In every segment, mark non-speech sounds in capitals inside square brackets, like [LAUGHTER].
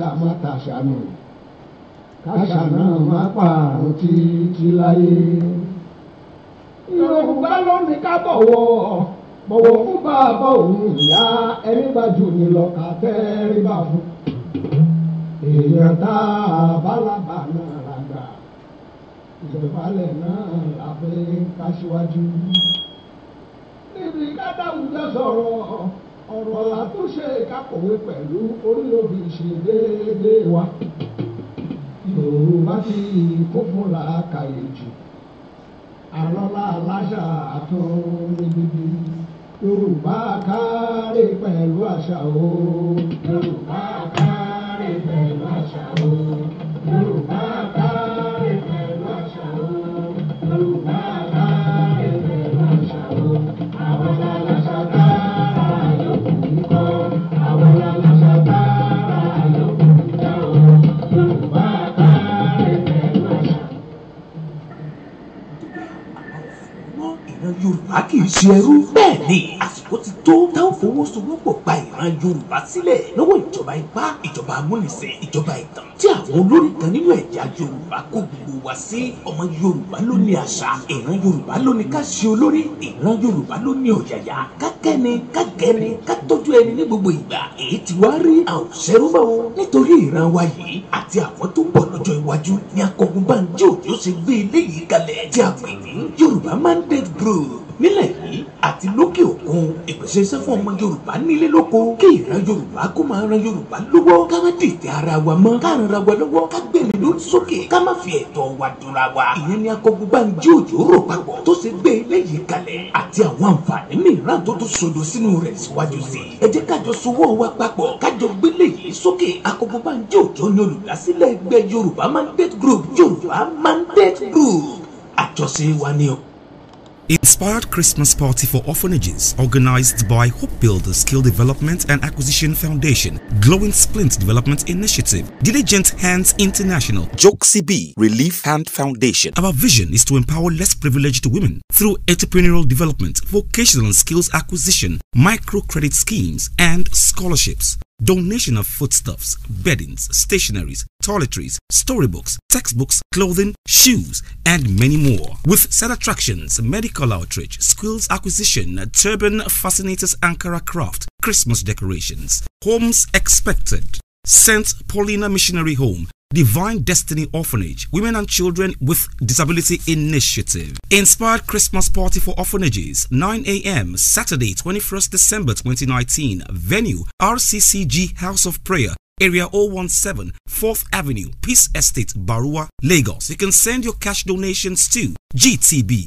sàmọ́tà sànù kásà náà má pààrọ̀ títí láyé. Yorùbá ló ní ká bọ̀wọ̀ bọ̀wọ̀ fún bàbá òun ìyá ẹni bá jù ní lọ ká tẹ́rí bá fún. èèyàn tá a bálábà náà làgbà ìdọ̀bálẹ̀ náà làbẹ́ káṣíwájú. níbi ká dáwùjọ sọ̀rọ̀ ọ̀rọ̀ àtúnṣe ìkákòwé pẹ̀lú orílẹ̀-èdè ìṣèdéédé wa yorùbá ti kó fúnra kàyè jù àlọ́lá aláṣà àtúnibíbí yorùbá kárí pẹ̀lú àṣà o yorùbá kárí pẹ̀lú àṣà o yorùbá kárí. yorùbá kì í ṣe ẹrú. bẹ́ẹ̀ ni àsìkò ti tó táwọn fowósowọ́pọ̀ gba ìran yorùbá sílẹ̀ lọ́wọ́ ìjọba ipá ìjọba amúnisìn ìjọba ìtàn tí àwọn olórí kan nínú ẹ̀yà yorùbá kó gbogbo wa sí ọmọ yorùbá ló ní àṣà ìran yorùbá ló ní ká ṣe olórí ìran yorùbá ló ní ọ̀yàyà kákẹ́ni kágẹ́ni kátọ́jú ẹni ní gbogbo ìgbà èyí ti wá rí àwòṣẹ́rúbà o nítorí ìran wa yìí àti àwọn tó ń bọ̀ lọ́jọ́ iwájú ni akọgun bá ṣe gbé eléyìí kalẹ̀ tí a pè ní yorùbá mandate bros nílẹ̀ yìí àti lókè òkun ìpèsè iṣẹ́ fún ọmọ yorùbá nílé lóko kí ìran yorùbá kó máa ran yorùbá lọ́wọ́ ká má dìtẹ̀ ara wa mọ́ ká ran ara wa lọ́wọ́ ká gbẹ̀mí lórí sókè ká má fi ẹ̀tọ́ wa dúnra wa ìyẹn ni akọgbọ́gbàǹjì òjò rò papọ̀ tó ṣe gbé eléyìí kalẹ̀ àti àwọn àǹfààní mìíràn tó tún sodo sínú rẹ̀ síwájú sí i ẹ jẹ́ kájọ sowó wa papọ̀ kájọ gbélé yìí sókè akọgbọ́gbàǹjì òjò ni olùdásílẹ̀ ẹgbẹ́ yorùbá mandate group yorùbá mandate group àjọṣe wa ni o. Inspired Christmas Party for Orphanages, organized by Hope Builder Skill Development and Acquisition Foundation, Glowing Splint Development Initiative, Diligent Hands International, Joxy B Relief Hand Foundation. Our vision is to empower less privileged women through entrepreneurial development, vocational skills acquisition, microcredit schemes, and scholarships donation of foodstuffs, beddings, stationaries, toiletries, storybooks, textbooks, clothing, shoes, and many more. With set attractions, medical outreach, skills acquisition, turban fascinators Ankara craft, Christmas decorations, homes expected. St. Paulina Missionary Home, Divine Destiny Orphanage, Women and Children with Disability Initiative. Inspired Christmas Party for Orphanages, 9 a.m. Saturday, 21st December 2019. Venue, RCCG House of Prayer, Area 017, 4th Avenue, Peace Estate, Barua, Lagos. You can send your cash donations to GTB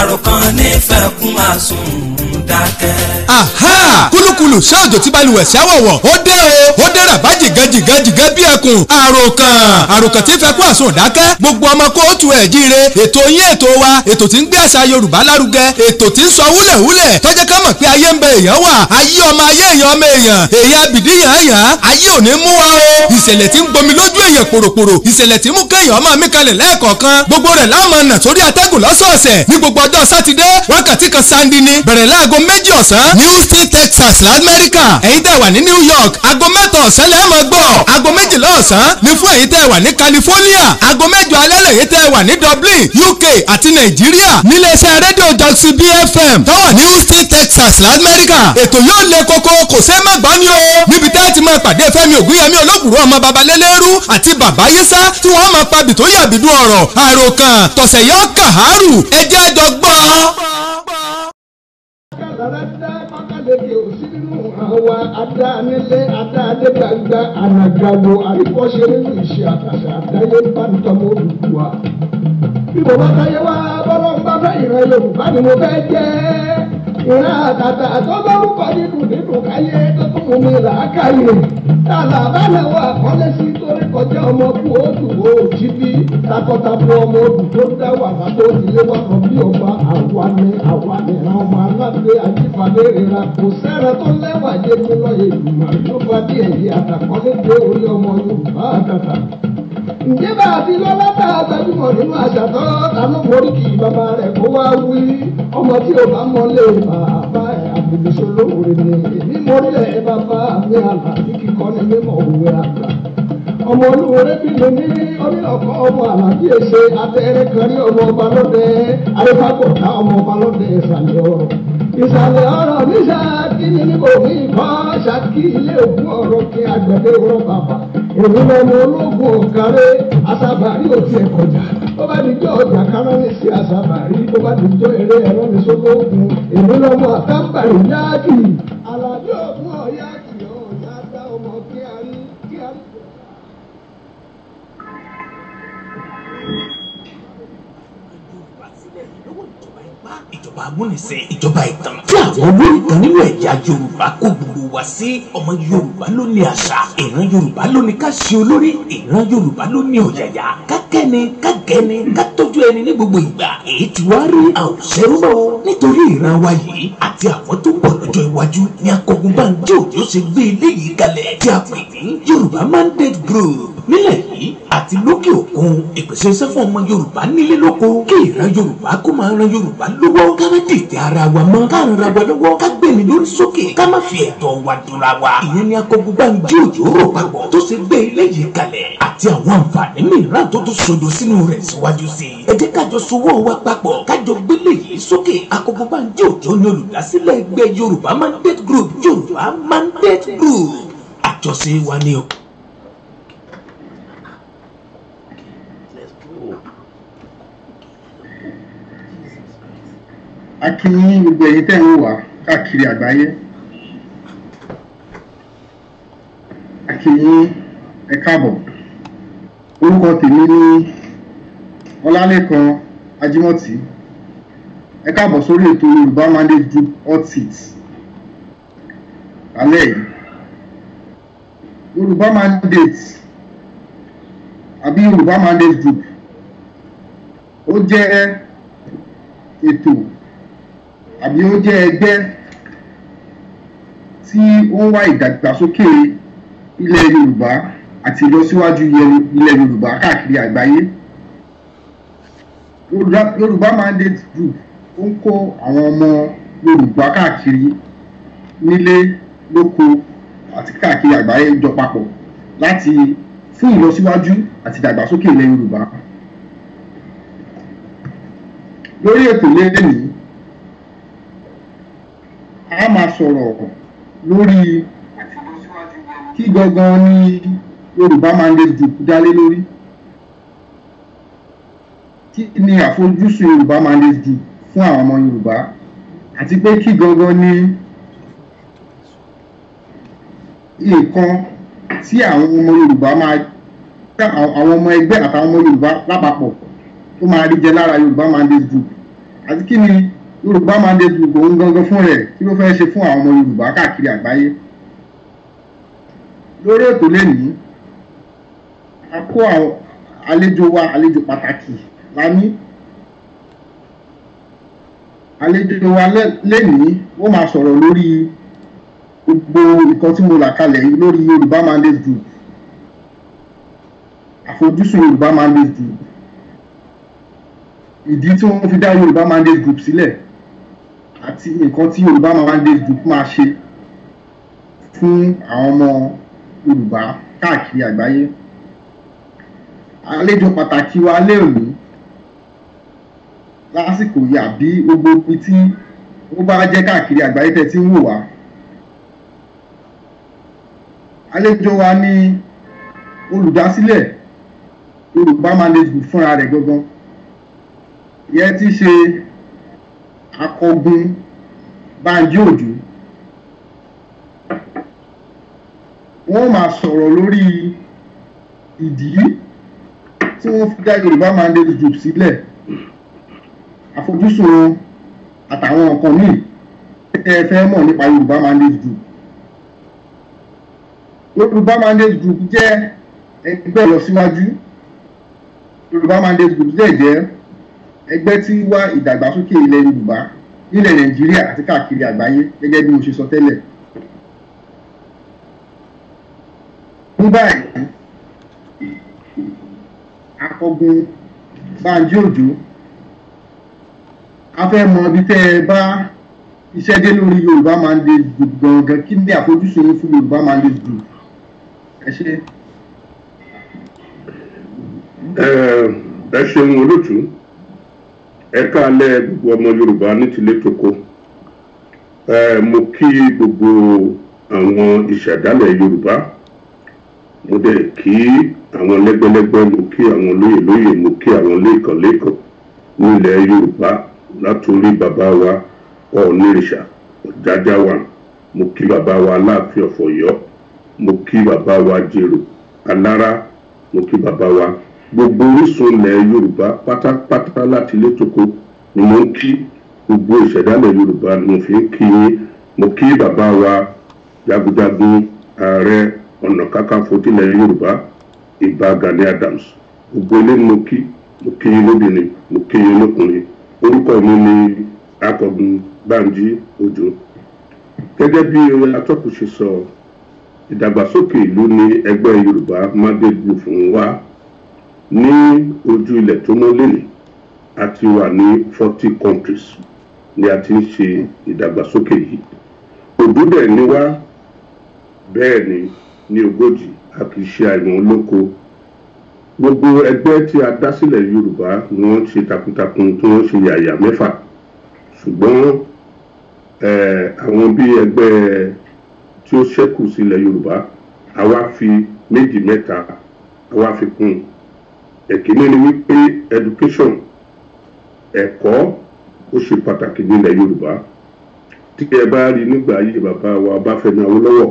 àròkàn aha kúlùkùlù ṣáàjò tí balùwẹ̀ ṣàwọ̀wọ̀ ó dé o ó dé rà bá jìgá jìgá jìgá bí ẹkùn àròkàn àròkàn tí fẹ́ kún àsùn gbogbo ọmọ kóòtù ẹ̀ jíire ètò yín ètò wa ètò tí ń gbé yorùbá lárugẹ ètò tí ń sọ wúlẹ̀wúlẹ̀ ká mọ̀ pé ayé ń bẹ ọmọ ayé èèyàn ọmọ èèyàn yàn ayé mú wa o ìṣẹ̀lẹ̀ tí gbogbo rẹ̀ láwọn ọ̀nà gbogbo ọjọ́ sátidé wákàtí kan sáńdí ni bẹ̀rẹ̀ láago méjì ọ̀sán new state texas lamẹ́ríkà ẹ̀yin tẹ́ wà ní new york aago mẹ́ta ọ̀sán lẹ́ẹ̀ mọ́ gbọ́ aago méjìlá ọ̀sán ni fún ẹ̀yin tẹ́ wà ní california aago mẹ́jọ alẹ́ lẹ́yìn tẹ́ wà ní dublin uk àti nàìjíríà níléeṣẹ́ rédíò jọ́sí bfm tó wà ní houston texas lamẹ́ríkà ètò yóò le koko kò ṣeé má gbọ́ ni o níbi tẹ́ ti máa pàdé fẹ́mi ògúnyẹmí olóbùrú ọmọ babalẹ́lẹ́rú àti bàbá yísà tí wọ́n máa pa bìtóyàbìdú ọ̀rọ̀ àròkàn tọ̀sẹ̀ yọ kàhárù ẹjẹ́ jọ gbọ́. Adéke òsì Bí mo táyé wá bọ́lọ́ ń bá fẹ́ ìran Yorùbá ni mo fẹ́ jẹ́ ìran àtàtà tó bá ń kọ́ dídùn dídùn káyé tó tún mú mi là á káyè tààlà àbálẹ̀wọ̀ àkọ́lé sí torí kọjá ọmọ kú oòdù òòjì bí takọtabo ọmọ oòdù tó dá wà látó ìdílé wà lọ bí ọba àwa ni àwa ni ìran ọmọ alábẹ́ àjífàdé ìra kò sẹ́ra tó lẹ́wà yé mi lọ èlùmọ̀ àjọba díẹ̀ yìí àtàkọ́lé dé orí ọmọ Yorùbá àtàtà ǹjẹ́ bá a ti lọ́lá tá a gbajúmọ̀ nínú àṣà tán lánà borí kì í bàbá rẹ̀ kó wá wí ọmọ tí o bá mọ lè bàbá ẹ̀ àbùdùsọ lóore ni èmi mọ́lẹ̀ bàbá mi àlàbí kíkọ́ ni mímọ̀ òwe àgbà ọmọ olúwere bí mi ní onílọ̀kọ ọmọ àlàbí èsè atẹ́rẹ́ kan rí ọmọ ọba lọ́dẹ arẹ́fàgbọ̀tà ọmọ ọba lọ́dẹ ìsàlẹ̀ ọ̀rọ̀ ìsàlẹ̀ ọ̀rọ̀ níṣà kí ni níbo mi kọ́ ṣàkí ilé òkú ọ̀rọ̀ kí agbẹ̀dẹ̀ rọ̀ òdúnlẹ̀ ní ológun òǹkaré asábàárì ò tiẹ̀ kọjá ó bá di jọ ọjà kárán ní sí asábàárì ó bá di jọ eré ẹ̀rọ mi sókòókun èmi lọ́mọ àtàǹbàrì yáàkì alájọ́. yorùbá múnisẹ ìjọba ìtàn tí àwọn olórí kan nínú ẹ̀yà yorùbá kó gbogbo wá sí ọmọ yorùbá ló ní àṣà ìran yorùbá ló ní ká ṣe olórí ìran yorùbá ló ní ọ̀yàyà ká kẹ́ni ká gẹ́ni ká tọ́jú ẹni ní gbogbo ìgbà èyí ti wá rí àwòṣẹ́rúmọ́ nítorí ìran wa yìí àti àwọn tó ń bọ̀ lọ́jọ́ iwájú ni akọgun bá ń jẹ́ òjò ṣe gbé eléyìí kalẹ̀ tí a pè ní yorùbá mandate group nílẹ̀ yìí àti lókè òkun ìpèsè iṣẹ́ fún ọmọ yorùbá nílé lóko kí ìran yorùbá kó máa ran yorùbá lọ́wọ́ ká má dìtẹ̀ ara wa mọ́ ká ran wa lọ́wọ́ ká gbẹ̀mí lórí sókè ká má fi ẹ̀tọ́ wa dúnra wa ìyẹn ni akọgun bá ń jí òjò rò papọ̀ tó ṣe gbé ilé kalẹ̀ àti àwọn àǹfààní mìíràn tó tún sodo sínú rẹ̀ síwájú sí i ẹ jẹ́ kájọ sowó wa papọ̀ kájọ gbélé yìí sókè akọgun bá ń jí òjò ní olùdásílẹ̀ ẹgbẹ́ yorùbá mandate group yorùbá mandate group àjọṣe wa ni o. a kí gbogbo ẹ̀yin tẹ̀ ń wà káàkiri àgbáyé a kí yín ẹ káàbọ̀ orúkọ tèmi ní ọlálẹ́kan ẹ káàbọ̀ mandate group hot seat alẹ́ yorùbá mandate àbí yorùbá mandate group ó jẹ́ ètò àbí ó jẹ́ ẹgbẹ́ tí ó ń wá ìdàgbàsókè ilẹ̀ Yorùbá àti ìlọsíwájú ilẹ̀ Yorùbá káàkiri àgbáyé Yorùbá Mandate Group ó ń kó àwọn ọmọ Yorùbá káàkiri nílé lóko àti káàkiri àgbáyé jọ papọ̀ láti fún ìlọsíwájú àti ìdàgbàsókè ilẹ̀ Yorùbá lórí ètò lẹ́yìn a máa sọ̀rọ̀ lórí kí gangan ni Yorùbá Mandate Group dálé lórí kí ni àfojúsùn Yorùbá Mandate Group fún àwọn ọmọ Yorùbá àti pé kí gangan ni nǹkan tí àwọn ọmọ Yorùbá máa ká àwọn ọmọ ẹgbẹ́ àtàwọn ọmọ Yorùbá lápapọ̀ tó máa rí jẹ lára Yorùbá Mandate Group àti kí ni yorùbá mandate book òun gangan fún rẹ̀ kí ló fẹ́ẹ́ ṣe fún àwọn ọmọ yorùbá káàkiri àgbáyé lórí ètò lẹ́nìí a kó àwọn àlejò wa àlejò pàtàkì la ní àlejò wa lẹ́nìí ó máa sọ̀rọ̀ lórí gbogbo nǹkan tí mo là kalẹ̀ yìí lórí yorùbá mandate book àfojúsùn yorùbá mandate book ìdí tí wọ́n fi dá yorùbá mandate group sílẹ̀ àti nǹkan tí Yorùbá máa wá dé dùn máa ṣe fún àwọn ọmọ Yorùbá káàkiri àgbáyé àlejò pàtàkì wa lẹ́ẹ̀mí lásìkò yìí àbí gbogbo ibi tí ó bá jẹ́ káàkiri àgbáyé tẹ̀ tí ń wò wá àlejò wa ni olùdásílẹ̀ Yorùbá Management fúnra rẹ̀ gangan ìyẹn ti ṣe akọgun Bánjí Òjó wọ́n máa sọ̀rọ̀ lórí ìdí tí wọ́n fi dá Yorùbá Mandate Group sílẹ̀ àfojúsùn wọn àtàwọn nǹkan míì tẹ́ ẹ fẹ́ mọ̀ nípa Yorùbá Mandate Group Yorùbá Mandate Group jẹ́ ẹgbẹ́ ìlọsíwájú Yorùbá Mandate Group dẹ̀ jẹ́ ẹgbẹ́ tí wá ìdàgbàsókè ilẹ̀ yorùbá nílẹ̀ nàìjíríà àti káàkiri àgbáyé gẹ́gẹ́ bí mo ṣe sọ tẹ́lẹ̀. ní báyìí akọgun Bánjí Òjó a fẹ́ mọ ibi tẹ́ ẹ bá iṣẹ́ dé lórí yorùbá mandate group gangan kí ni àfojúsùn yín fún yorùbá mandate group ẹ ṣe. ẹ ṣeun olótùú. ẹ káalẹ́ gbogbo ọmọ yorùbá ní tilé toko mo kí gbogbo àwọn ìṣàdálẹ̀ yorùbá mo dẹ̀ kí àwọn lẹgbẹlẹgbẹ mo kí àwọn lóyè lóyè mo kí àwọn lẹ́ẹ̀kan lẹ́ẹ̀kan nílẹ̀ yorùbá látòrí baba wa ọ̀ọ́nìrìṣà ọ̀jájá wa mo kí baba wa aláàfin ọ̀fọ̀yọ́ mo kí baba wa jèrò alára mo kí bàbá wa gbogbo orísun ilẹ̀ yorùbá pátápátá láti ilé tókó ni mo ń kí gbogbo ìṣẹ̀dálẹ̀ yorùbá ni mo fi ń kí yín mo kí bàbá wa jagunjagun ààrẹ ọ̀nà kakanfò tilẹ̀ yorùbá ìbá gani adams gbogbo ilé ni mo kí mo kí yín lóbìnrin mo kí yín ojo gẹ́gẹ́ bí atọ́kùn sọ ìdàgbàsókè ìlú ni ẹgbẹ́ yorùbá wa. ní ojú ilẹ̀ tó mọ́ lélẹ̀ a ti wà ní forty countries ni a ti ń ṣe ìdàgbàsókè yìí òdú dẹ̀ ni wá bẹ́ẹ̀ ni ní ogójì a kì í ṣe àìmọ̀ olóko gbogbo ẹgbẹ́ tí a dá sílẹ̀ Yorùbá ni wọ́n ṣe takuntakun tí wọ́n ṣe yàyà mẹ́fà ṣùgbọ́n àwọn bí ẹgbẹ́ tí ó ṣẹ́kù sílẹ̀ Yorùbá àwa fi méjì mẹ́ta àwa fi kún un ẹ̀kíní ni wípé education ẹ̀kọ́ ó ṣe pàtàkì nílẹ̀ Yorùbá tí ẹ bá rí nígbà ayé bàbá wa Ọbáfẹ́mi Awólọ́wọ̀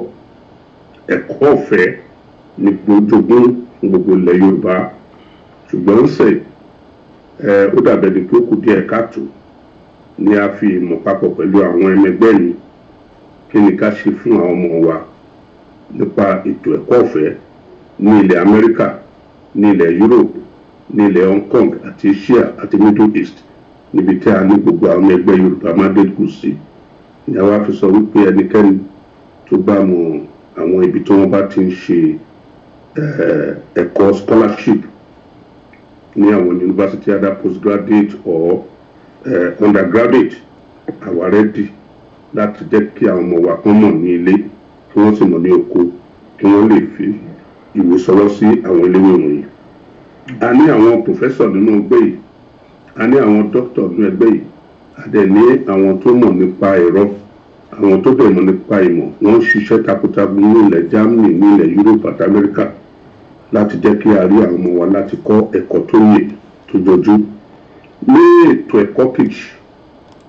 ẹ̀kọ́ ọ̀fẹ́ ni gbójogún gbogbo ilẹ̀ Yorùbá ṣùgbọ́n ń sè ẹ ó dàbẹ̀ ni pé ó kù díẹ̀ káàtó ni a fi ìmọ̀ papọ̀ pẹ̀lú àwọn ẹlẹgbẹ́ mi kí ni ká ṣe fún àwọn ọmọ wa nípa ètò ẹ̀kọ́ ọ̀fẹ́ ní ilẹ̀ Amẹ́ríkà ní ilẹ̀ Europe ní ilẹ̀ Hong Kong àti Asia àti Middle East níbi tí a ní gbogbo àwọn ẹgbẹ́ Yorùbá má dẹ́kun sí ni a wá fi sọ wípé ẹnikẹ́ni tó bá mọ àwọn ibi tí wọ́n bá ti ń ṣe eh, ẹ̀kọ́ scholarship ní àwọn university either postgraduate or uh, undergraduate àwa rẹ́dì láti jẹ́ kí àwọn ọmọ wa kán mọ̀ ní ilé kí wọ́n sì mọ̀ ní oko kí wọ́n lè fi ìwé sọ̀rọ̀ sí àwọn eléwé wọ̀nyí a ní àwọn pòfẹ́sọ̀ nínú ẹgbẹ́ yìí a ní àwọn dókítà nínú ẹgbẹ́ yìí a dẹ̀ ní àwọn tó mọ̀ nípa ẹ̀rọ àwọn tó dẹ̀ mọ̀ nípa ìmọ̀ wọ́n ń ṣiṣẹ́ takuntakun ní ilẹ̀ Germany ní ilẹ̀ Europe àti America láti jẹ́ kí a rí àwọn ọmọ wa láti kọ́ ẹ̀kọ́ tó yẹ tó jọjú ní ètò ẹ̀kọ́ kejì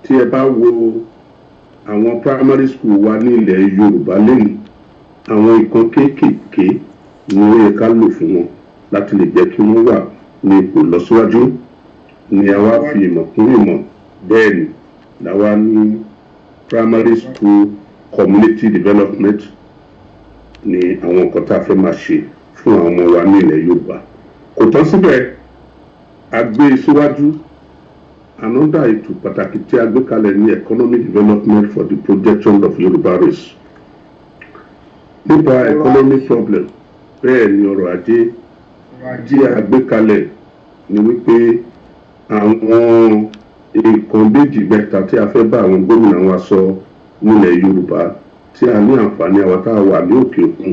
tí ẹ bá wo àwọn primary school wa ní ilẹ̀ Yorùbá lẹ́nu àwọn nǹkan kéékèèké ni ó yẹ ká lò fún wọn láti lè jẹ́ kí wọ́n wà ní ipò lọ́síwájú ni a wá fi ìmọ̀ kún ìmọ̀ bẹ́ẹ̀ ni làwa ní primary school community development ni àwọn nǹkan tá a fẹ́ máa ṣe fún àwọn ọmọ wa ní ilẹ̀ Yorùbá kò tán síbẹ̀ a gbé e síwájú anọ́dà ètò pàtàkì tí a gbé kalẹ̀ ní economic development for the projection of Yoruba race nípa economic problem bẹ́ẹ̀ ni ọrọ̀ ajé tí a gbé kalẹ̀ ni wípé àwọn nǹkan méjì mẹ́ta tí a fẹ́ bá àwọn gómìnà wa sọ nílẹ̀ Yorùbá tí a ní àǹfààní àwọn tá a wà ní òkè òkun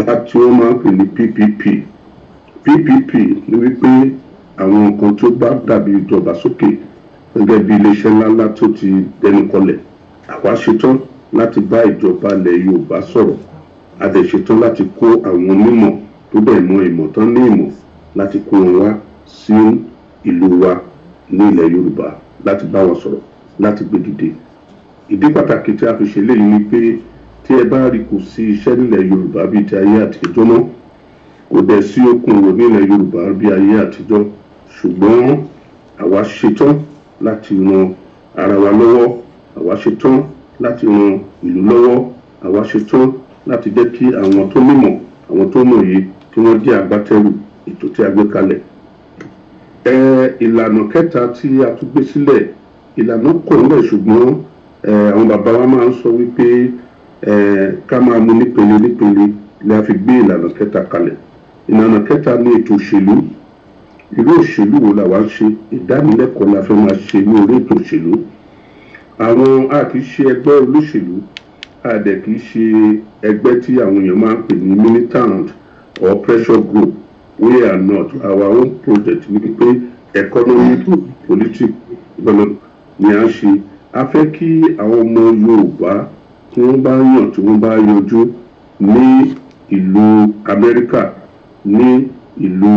láti wọ́n máa ń pè ní PPP PPP ni wípé àwọn nǹkan tó bá dàbí ìdọ̀gbàsókè gẹ́gẹ́ bí iléeṣẹ́ ńláńlá tó ti dẹnu kọlẹ̀ àwa ṣetán láti bá ìjọba ilẹ̀ Yorùbá sọ̀rọ̀ a dẹ̀ ṣetán láti kó àwọn onímọ̀ tó bẹ̀ mọ ìmọ̀ tán ní ìmọ̀ láti kó wọn wá sí ìlú wa ní ilẹ̀ Yorùbá láti bá wọn sọ̀rọ̀ láti gbé dìde ìdí pàtàkì tí a fi ṣe léyìí ni pé tí ẹ bá rí kò sí iṣẹ́ nílẹ̀ Yorùbá bíi ti ayé àtijọ́ náà kò dẹ̀ sí okun òwò nílẹ̀ Yorùbá bíi ayé àtijọ́ ṣùgbọ́n àwa ṣetán láti ran ara wa lọ́wọ́ àwa ṣetán láti ran ìlú lọ́wọ́ àwa ṣetán láti jẹ́ kí àwọn tó nímọ̀ àwọn tó mọ̀ yìí kí wọ́n jẹ́ agbátẹrù ètò tí a gbé kalẹ̀. ẹ ìlànà kẹta tí a tún gbé sílẹ̀ ìlànà kò ń bẹ̀ ṣùgbọ́n àwọn bàbá wa máa ń sọ wípé ká máa mú nípele nípele ni a fi gbé ìlànà kẹta kalẹ̀ ìlànà kẹta ni ètò òṣèlú irú òṣèlú wo la wá ń ṣe ìdánilẹ́kọ̀ọ́ la fẹ́ máa ṣe ní orí ètò òṣèlú àwọn a kì í ṣe ẹgbẹ́ olóṣèlú a dẹ̀ kì í ṣe ẹgbẹ́ tí àwọn èèyàn máa ń pè ní militant or pressure group we are not our own project ni pé economic politics ni a ṣe a fẹ́ kí àwọn ọmọ Yorùbá tí wọ́n bá yàn tí wọ́n bá yọjú ní ìlú Amẹ́ríkà ní ìlú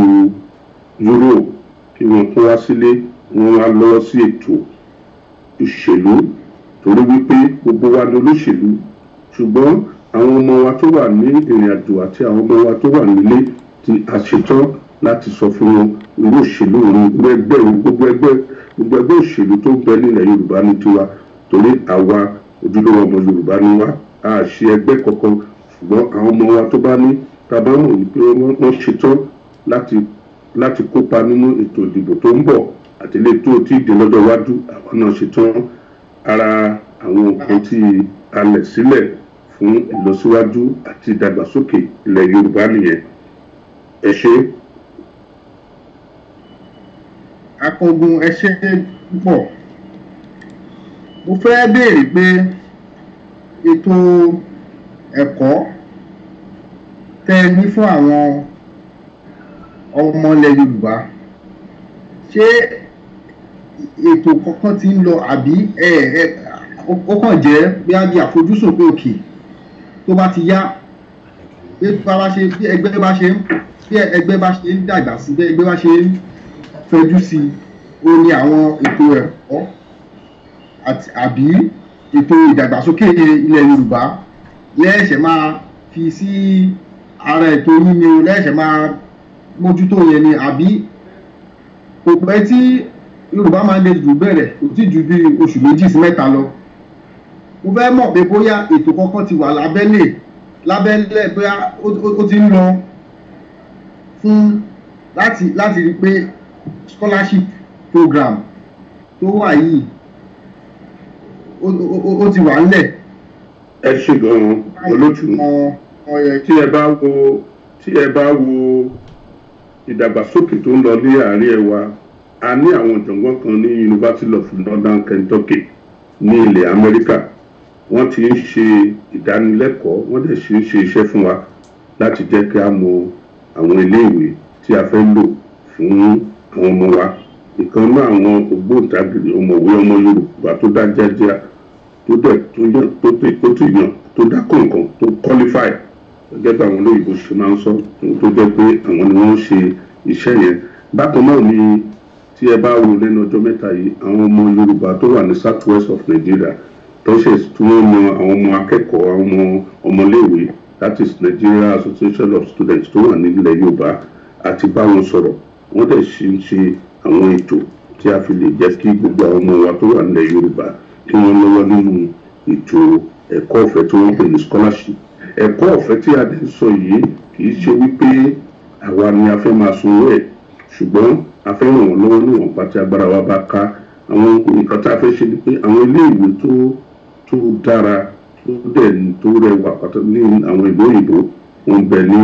Europe kí wọ́n kó wá sílé wọ́n wá lọ sí ètò ìṣèlú torí wípé gbogbo wa ni olóṣèlú ṣùgbọ́n àwọn ọmọ wa tó wà ní ìrìn àjò àti àwọn ọmọ wa tó wà nílé tí a ṣetán láti sọ fún wọn irú òṣèlú òun gbogbo ẹgbẹ́ gbogbo ẹgbẹ́ gbogbo ẹgbẹ́ òṣèlú tó ń bẹ nílẹ̀ Yorùbá ní tiwa torí àwa ojúlówó ọmọ Yorùbá ni wá a ṣe ẹgbẹ́ kankan ṣùgbọ́n àwọn ọmọ wa tó bá ní tàbá mọ̀ wípé wọ́n ṣetán láti láti kópa nínú ètò ìdìbò tó ń bọ̀ àtìlé tó ti dé lọ́jọ́ iwájú àwọn náà ṣetán ara àwọn nǹkan tí a lẹ̀ sílẹ̀ fún ìlọsíwájú àti ìdàgbàsókè ilẹ̀ yorùbá nìyẹn ẹ ṣe. akọgun ẹ ṣe púpọ̀ mo fẹ́ béèrè pé ètò ẹ̀kọ́ tẹ́ ẹ ní fún àwọn ọmọ ilẹ̀ yorùbá ṣé ètò kankan ti ń lọ àbí ẹ ẹ ó kàn jẹ́ bí a di àfojúsùn pé òkè. Okay tó bá ti yá bí bá ṣe bí ẹgbẹ́ bá ṣe ń bí ẹgbẹ́ bá ṣe ń dàgbà sí bí ẹgbẹ́ bá ṣe ń fẹjú sí i ó ní àwọn ètò ẹ̀kọ́ àbí ètò ìdàgbàsókè ilẹ̀ Yorùbá lẹ́ẹ̀ṣẹ̀ máa fi sí ara ètò yín ni o lẹ́ẹ̀ṣẹ̀ máa mójútó yẹn ni àbí kò pẹ́ tí Yorùbá máa ń lè jù bẹ̀rẹ̀ kò tí ju bí oṣù méjì sí mẹ́ta lọ mo fẹ́ mọ̀ pé bóyá ètò kankan ti wà lábẹ́lẹ̀ lábẹ́lẹ̀ bóyá ó ti ń lọ fún láti láti rí pé scholarship program tó wà yìí ó ti wà ńlẹ̀. ẹ ṣe gan-an olótú tí ẹ bá wo tí ẹ bá wo ìdàgbàsókè tó ń lọ ní àárín ẹ a ní àwọn jọ̀ngàn kan ní University of Northern Kentucky ní ilẹ̀ Amẹ́ríkà wọ́n ti ń ṣe ìdánilẹ́kọ̀ọ́ wọ́n dẹ̀ ṣe ń ṣe iṣẹ́ fún wa láti jẹ́ kí a mọ àwọn iléèwé tí a fẹ́ lò fún àwọn ọmọ wa ìkan náà àwọn ògbóǹtagìrì ọ̀mọ̀wé ọmọ Yorùbá tó dá jájá tó dẹ̀ tó yàn tó tẹ̀ tó yàn tó dá kọ̀ọ̀kan tó qualify gẹ́gẹ́ bí àwọn olóyìnbó ṣe máa ń sọ tó jẹ́ pé àwọn ni wọ́n ń ṣe iṣẹ́ yẹn bákan náà ni tí ẹ bá wo lẹ́nu ọjọ́ mẹ́ta yìí àwọn ọmọ Yorùbá tó wà ní south west of Nigeria tó ṣe tí wọ́n mọ àwọn ọmọ akẹ́kọ̀ọ́ àwọn ọmọ ọmọléèwé that is Nigeria Association of Students tó wà nílẹ̀ Yorùbá àti bá wọn sọ̀rọ̀ wọ́n dẹ̀ ṣe ń ṣe àwọn ètò tí a fi lè jẹ́ kí gbogbo àwọn ọmọ wa tó wà nílẹ̀ Yorùbá kí wọ́n lọ́wọ́ nínú ètò ẹ̀kọ́ ọ̀fẹ́ tí wọ́n pè ní scholarship ẹ̀kọ́ ọ̀fẹ́ tí a dẹ̀ ń sọ yìí kì í ṣe wípé àwa ni a fẹ́ máa sanwó ẹ̀ ṣùgbọ́n a fẹ́ ràn wọ́n lọ́wọ́ níwọ̀n pàtí agbára wa bá ká àwọn nǹkan tá a fẹ́ ṣe ni pé àwọn iléèwé tó tó dára tó dẹ̀ tó rẹwà pátá ní àwọn ìlú òyìnbó wọn bẹ ní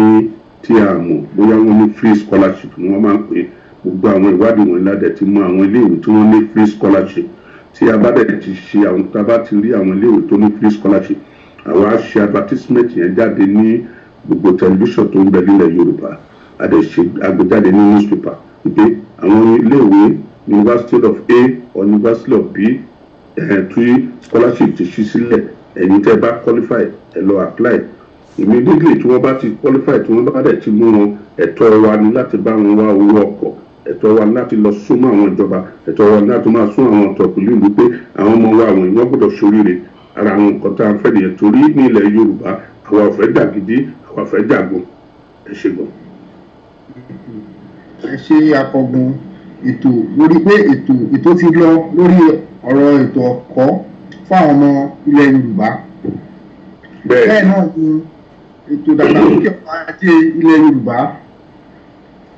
tí a mọ̀ bóyá wọ́n ní free scholarship ni wọ́n máa ń pè gbogbo àwọn ìwádìí wọn ládẹ̀ ti mọ àwọn iléèwé tí wọ́n ní free scholarship tí a bá dẹ̀ ti ṣe àwọn tá a bá ti rí àwọn iléèwé tó ní free scholarship àwa á ṣe advertisement yẹn jáde ní gbogbo tẹlifíṣàn tó ń bẹ nílẹ̀ Yorùbá a dẹ̀ ṣe àgbéjáde ní newspaper pé àwọn iléèwé University of A or University of B tí scholarship ti ṣí sílẹ̀ ẹ̀yin tẹ́ bá qualify ẹ lọ apply immediately tí wọ́n bá ti qualify tí wọ́n bá dẹ̀ ti mú wọn ẹ̀tọ́ wa ni láti bá wọn wá owó ọkọ̀ ẹ̀tọ́ wa láti lọ súnmọ́ àwọn ìjọba ẹ̀tọ́ wa láti máa sún àwọn tọ̀pìlì wípé àwọn ọmọ wa àwọn ìwọ́n gbọ́dọ̀ ṣoríire ara àwọn nǹkan tá a fẹ́ nìyẹn torí ní ilẹ̀ Yorùbá àwa ò fẹ́ jàgídí àwa ò fẹ́ jàgbọ́n ẹ ṣe gbọ́n. ẹ ṣe akọgun ètò lórí pé ètò ètò ti lọ lórí ọ̀rọ̀ ètò ọ̀kọ́ fáwọn ọmọ ilẹ̀ Yorùbá bẹ́ẹ̀ náà ni ètò ìdàgbàsókè ọ̀rọ̀ ajé ilẹ̀ Yorùbá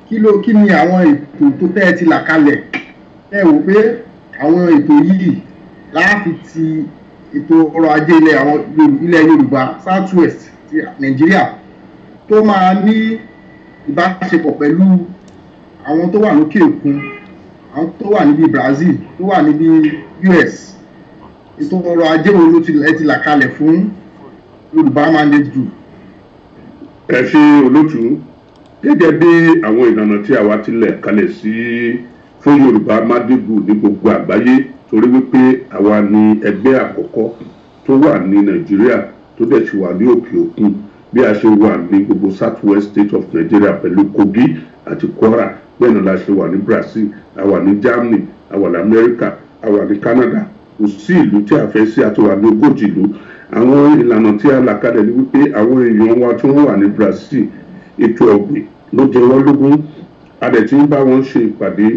kí ló kí ni àwọn ètò tó tẹ́ ẹ ti là kalẹ̀ tẹ́ ẹ wò pé àwọn ètò yìí láàfi ti ètò ọrọ̀ ajé ilẹ̀ Yorùbá South West ti Nàìjíríà tó máa ní ìbáṣepọ̀ pẹ̀lú àwọn tó wà lókè òkun tó wà níbi Brazil tó wà níbi US ètò ọrọ̀ ajé wo ló ti là kalẹ̀ fún Yorùbá Mandate Group. ẹ ṣe olótú gẹ́gẹ́ bí àwọn ìlànà tí àwa ti lẹ̀ kalẹ̀ sí fún Yorùbá Mandate Group ní gbogbo àgbáyé torí wípé àwa ni ẹgbẹ́ àkọ́kọ́ tó wà ní Nàìjíríà tó dẹ̀ ti wà ní òkè òkun bí a ṣe wà ní gbogbo south west state of Nigeria pẹ̀lú Kogi àti Kwara bẹ́ẹ̀ ni la ṣe wà ní Brazil a wà ní Germany a wà ní America a wà ní Canada kò sí ìlú tí a fẹ́ sí a ti wà ní ogójì ìlú àwọn ìlànà tí a là kalẹ̀ ni wípé àwọn èèyàn wa tí wọ́n wà ní Brazil ètò ọ̀gbìn ló jẹ wọ́n lógún a dẹ̀ ti ń bá wọn ṣe ìpàdé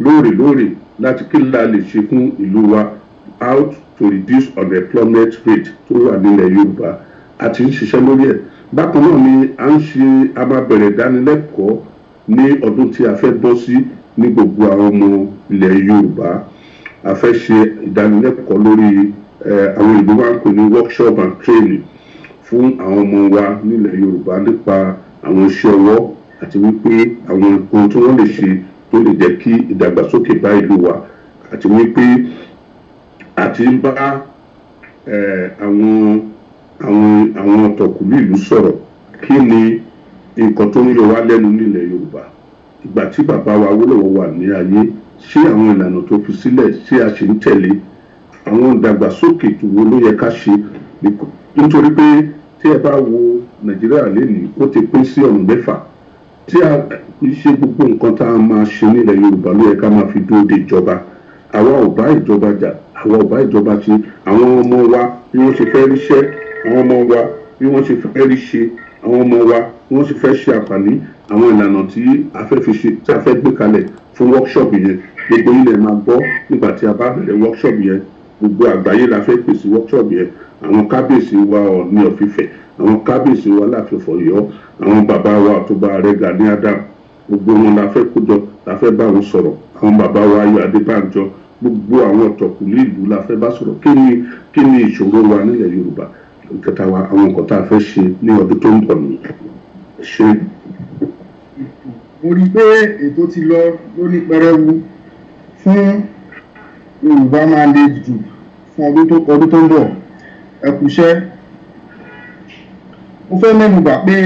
lóòrèlóòrè láti kí la lè ṣe fún ìlú wa how to reduce unemployment rate tó wà nílẹ̀ Yorùbá a ti ń ṣiṣẹ́ lórí ẹ̀ bákan náà ni à ń ṣe a máa bẹ̀rẹ̀ ìdánilẹ́kọ̀ọ́ ní ọdún tí a fẹ́ bọ́ sí ní gbogbo àwọn ọmọ ilẹ̀ Yorùbá a fẹ́ ṣe ìdánilẹ́kọ̀ọ́ lórí àwọn ìlú wa ń pè ní workshop and training fún àwọn ọmọ wa nílẹ̀ Yorùbá nípa àwọn iṣẹ́ ọwọ́ àti wípé àwọn ohun tí wọ́n lè ṣe tó lè jẹ́ kí ìdàgbàsókè bá ìlú wa àti wípé a ti ń bá àwọn àwọn àwọn ọ̀tọ̀kùlú ìlú sọ̀rọ̀ kí ni nǹkan tó ń yọ wá lẹ́nu nílẹ̀ yorùbá ìgbà tí bàbá wa Awólọ́wọ̀ wà ní ayé ṣé àwọn ìlànà tó fi sílẹ̀ ṣé a ṣe ń tẹ̀lé àwọn ìdàgbàsókè tòwó ló yẹ ká ṣe nítorí pé tí ẹ bá wo nàìjíríà lénìí ó ti pín sí ọ̀nà mẹ́fà tí a ṣe gbogbo nǹkan tá a máa ṣe nílẹ̀ yorùbá ló yẹ ká máa fi dúró de ìjọba àwa ò bá ìjọba jà àwa ò bá ìjọba ṣe àwọn ọmọ wa bí wọ́n ṣe fẹ́ ríṣẹ́ àwọn ọmọ wa bí wọ́n ṣe fẹ́ ríṣe àwọn ọmọ wa wọ́n sì fẹ́ ṣe àǹfààní àwọn ìlànà tí a fẹ́ fi ṣe tí a fẹ́ gbé kalẹ̀ fún workshop yẹn gbogbo ilẹ̀ máa gbọ́ nígbà tí a bá bẹ̀rẹ̀ workshop yẹn gbogbo àgbáyé la fẹ́ pèsè workshop yẹn àwọn kábíyèsí wa Ọọ̀ni of Ifẹ̀ àwọn kábíyèsí wa láti Ọ̀yọ́ àwọn bàbá wa Ọ̀túnba Ààrẹ Gani Adam gbogbo wọn la fẹ́ kójọ la fẹ́ bá wọn sọ̀rọ̀ àwọn bàbá wa Ayọ̀ Adébánjọ gbogbo àwọn ọ̀tọ̀kùlú ìlú la fẹ́ bá sọ̀rọ̀ kí ni kí ni ìṣòro wa nílẹ̀ Yorùbá ìkẹta wa àwọn nǹkan tá a fẹ́ ṣe ní ọdún tó ń bọ̀ ní ṣe. mo rí i pé ètò ti lọ lóní pẹrẹwu fún yorùbá máa le jù fún ọdún tó ń bọ̀ ẹ kú iṣẹ́ mo fẹ́ mẹ́nu bà pé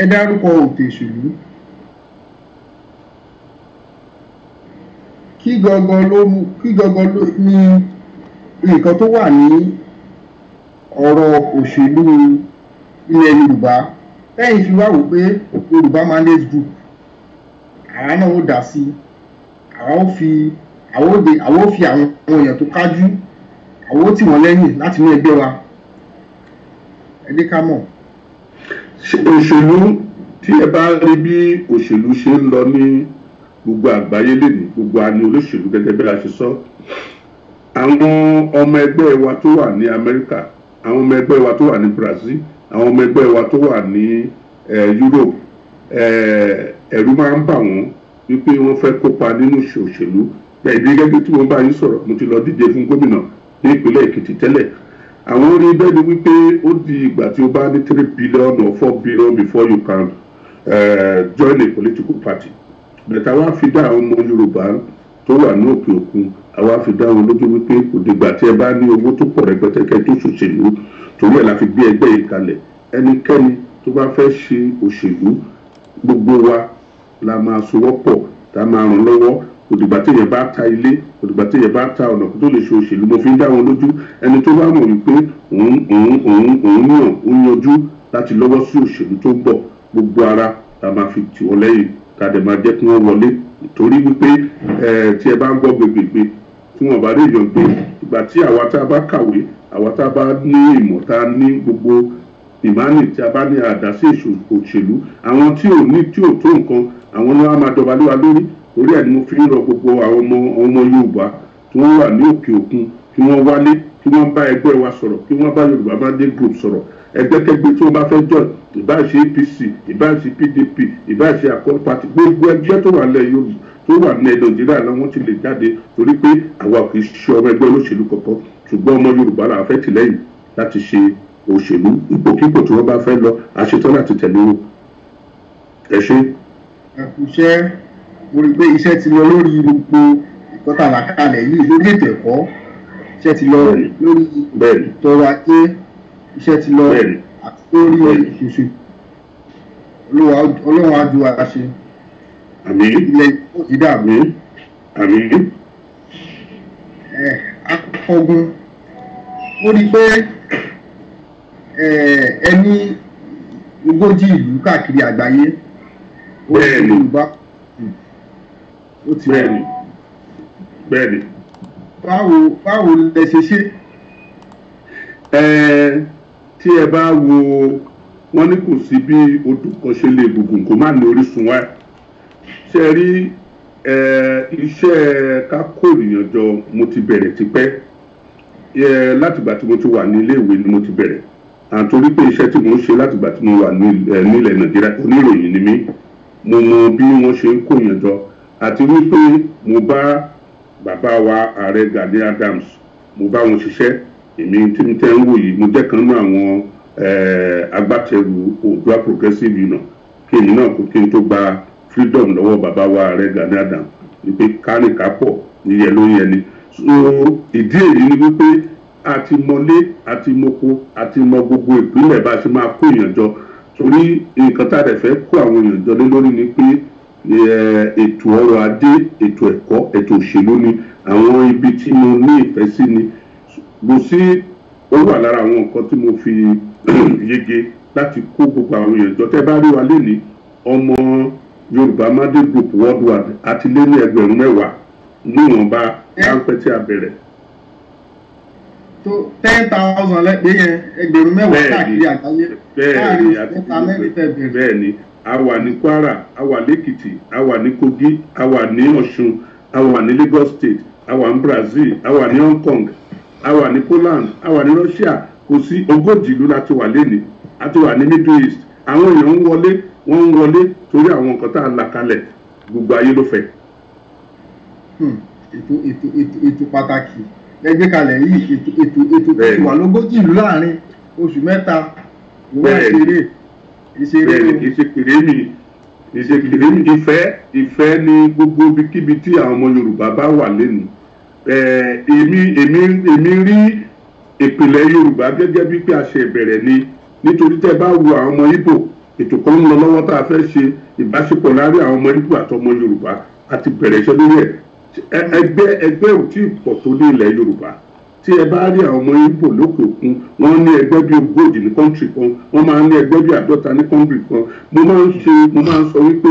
ẹ dárúkọ òtè ìṣèlú kí gangan ló ní nǹkan tó wà ní ọ̀rọ̀ òṣèlú ilẹ̀ Yorùbá lẹ́yìn tí wàá wò pé Yorùbá Mandate Group àwa náà ó dá sí àwa ó fi àwa ó de àwa ó fi àwọn èèyàn tó kájú àwa ó tì wọ́n lẹ́yìn láti inú ẹgbẹ́ wa ẹ dé ká mọ̀. òṣèlú tí ẹ bá rí bí òṣèlú ṣe ń lọ ní gbogbo àgbáyé lèmi gbogbo àní olóṣèlú gẹ́gẹ́ bí a ṣe sọ àwọn ọmọ ẹgbẹ́ wa tó wà ní Amẹ́ríkà àwọn ọmọ ẹgbẹ́ wa tó wà ní Brazil àwọn ọmọ ẹgbẹ́ wa tó wà ní eh, Europe eh, ẹ̀rù máa ń bà wọ́n wípé wọ́n fẹ́ kópa nínú òṣèlú ẹ̀dí gẹ́gẹ́ tí wọ́n bá yín sọ̀rọ̀ mo ti lọ díje fún gómìnà ní ìpínlẹ̀ Èkìtì tẹ́lẹ̀ àwọn rí bẹ́ẹ̀ ni wípé ó di ìgbà tí o bá ní three billion or four billion before you can uh, join a political party bẹ̀tà wá fi dá àwọn ọmọ Yorùbá tó wà ní òkè òkun àwa fi dá wọn lójú wípé kò dìgbà tí ẹ bá ní owó tó pọ̀ rẹpẹtẹ tó ṣòṣèlú torí ẹ̀ la fi gbé ẹgbẹ́ yìí kalẹ̀ ẹnikẹ́ni tó bá fẹ́ ṣe òṣèlú gbogbo wa la máa sowọ́pọ̀ tá a máa ràn lọ́wọ́ òdìgbà tí yẹn bá ta ilé òdìgbà tí yẹn bá ta ọ̀nà tó lè ṣe òṣèlú mo fi ń dá wọn lójú ẹni tó bá mọ̀ wípé òun òun òun òun yàn ó yanjú láti lọ́wọ́ sí òṣèlú tó ń bọ̀ gbogbo ara la máa fi tì wọ́n lẹ́yìn ká dẹ̀ máa jẹ́ kí wọ́n wọlé torí wípé tí ẹ bá ń gbọ́ gbègbègbè tí wọ́n bá léèyàn gbé ìgbà tí àwa tá a bá kàwé àwa tá a bá ní ìmọ̀ tá a ní gbogbo ìmánì tí a bá ní àdásí òṣèlú àwọn tí ò ní tí ò tó nǹkan àwọn ni wọ́n máa dọ̀bà lé wa lórí orí ẹ̀ ni mo fi ń rọ gbogbo àwọn ọmọ ọmọ Yorùbá tí wọ́n wà ní òkè òkun kí wọ́n wálé kí wọ́n bá ẹgbẹ́ wa sọ̀rọ̀ kí wọ́n bá Yorùbá Mandate Group sọ̀rọ̀ ẹgbẹ́kẹ́gbẹ́ tí wọ́n bá fẹ́ jọ ìbáṣe APC ìbáṣe PDP ìbáṣe Accord Party gbogbo ẹgbẹ́ tó wà lẹ́ Yorùbá tó wà ní Nàìjíríà làwọn ti lè jáde torí pé àwa kì í ṣe ọmọ ẹgbẹ́ olóṣèlú kankan ṣùgbọ́n ọmọ Yorùbá làwọn fẹ́ tìlẹ́yìn láti ṣe òṣèlú ipòkípò tí wọ́n bá fẹ́ lọ àṣetán láti tẹ̀lé wọn. ẹ ṣe. ẹ kú iṣẹ́ mo rí i pé iṣẹ́ ti lọ lórí gbogbo ìkọ́tàlàkalẹ̀ yìí lórí ètò ẹ̀kọ́ iṣẹ́ ti lọ rẹ̀ lórí ìtọ́rọ ajé iṣẹ́ ti lọ rẹ̀ àti lórí ìṣoṣo ọlọ́run á ju ara ṣe. àmín. ilẹ̀ ìkó ti dàbí. àmín. ẹ akọgun ó rí pé ẹni ogójì ìlú káàkiri àgbáyé ó ti Yorùbá. bẹ́ẹ̀ni bẹ́ẹ̀ni bẹ́ẹ̀ni báwo báwo lẹ ṣe ṣe ẹ tí ẹ bá wo wọn ní kò sí bí odò kan ṣe lè gbùngbùn kó má ní orísun wá ṣe rí ẹ iṣẹ́ ká kó ènìyàn jọ mo ti bẹ̀rẹ̀ tipẹ́ ẹ látìgbà tí mo ti wà ní iléèwé ni mo ti bẹ̀rẹ̀ àtòrí pé iṣẹ́ tí mo ń ṣe látìgbà tí mo wà nílẹ̀ nàìjíríà oníròyìn ni mí mo mọ bí wọ́n ṣe ń kó èèyàn jọ àti wípé mo bá bàbá wa ààrẹ Gani Adams mo bá wọn ṣiṣẹ́ èmi tí n tẹ́ ń wò yìí mo jẹ́ kan nínú àwọn eh, agbátẹrù Oòduà Progressive Union kí èmi náà kó kí n tó gba freedom lọ́wọ́ bàbá wa ààrẹ Gani Adams ni pé kárìnká pọ̀ níyẹn ló ń yẹ ni so ìdí èyí ni wípé a ti mọlé a ti moko a ti mọ gbogbo ìpínlẹ̀ bá a ṣe máa kó èèyàn jọ torí nǹkan tá a rẹ̀ fẹ́ kó àwọn èèyàn jọ lé lórí ni pé ètò ọrọ̀ adé ètò ẹ̀kọ́ ètò òṣèlú ni àwọn ibi tí mo ní ìfẹ́ sí ni mo sí ó wà lára àwọn nǹkan tí mo fi [CLEARS THROAT] yege láti kó gbogbo àwọn èèyàn jọ tẹ́ bá rí wa lénìí ọmọ Yorùbá Made Group worldwide àti lé ní ẹgbẹ̀rún mẹ́wàá níwọ̀nba ráńpẹ́ tí a bẹ̀rẹ̀. tó ten thousand lẹ́gbẹ̀ẹ́ yẹn ẹgbẹ̀rún mẹ́wàá káàkiri àgbáyé láàrin ìṣẹ́ta mẹ́rin tẹ̀ bẹ̀rẹ̀. ni a wà ní Kwara a wà lẹ́kìtì a wà ní Kogi a wà ní Ọ̀ṣun a wà ní Lagos State a wà ní Brazil a wà ní Hong Kong a wà ní Poland a wà ní Russia kò sí ogójì ìlú láti wà lẹ́nìí a ti wà ní Middle East àwọn èèyàn ń wọlé wọ́n ń wọlé torí àwọn nǹkan tá a là kalẹ̀ gbogbo ayé ló fẹ́. ètò ètò ètò ètò pàtàkì ẹgbẹ́ kalẹ̀ yìí ètò ètò ètò tí lógójì ìlú láàrin oṣù mẹ́ta ló wá bẹ́ẹ̀ni kì í ṣe kèrémì kì ìfẹ́ ìfẹ́ ni gbogbo ibikíbi tí àwọn ọmọ Yorùbá bá wà lẹ́nu èmi èmi èmi rí ìpìlẹ̀ Yorùbá gẹ́gẹ́ bí pé àṣẹ ìbẹ̀rẹ̀ ni nítorí tẹ́ bá wo àwọn ọmọ Ìgbò ètò kan ń lọ lọ́wọ́ tá a fẹ́ ṣe ìbáṣepọ̀ láàárín àwọn ọmọ Ìgbò àtọmọ Yorùbá àti bẹ̀rẹ̀ iṣẹ́ lórí ẹ̀ ẹgbẹ́ ẹgbẹ́ ò tí ì pọ̀ tó ní ilẹ̀ Yorùbá tí ẹ bá rí àwọn ọmọ Ìgbò lókè òkun wọ́n ní ẹgbẹ́ bíi ogójì ní kọ́ńtì kan wọ́n máa ń ní ẹgbẹ́ bíi àádọ́ta ní kọ́ńtì kan mo máa ń ṣe mo máa ń sọ wípé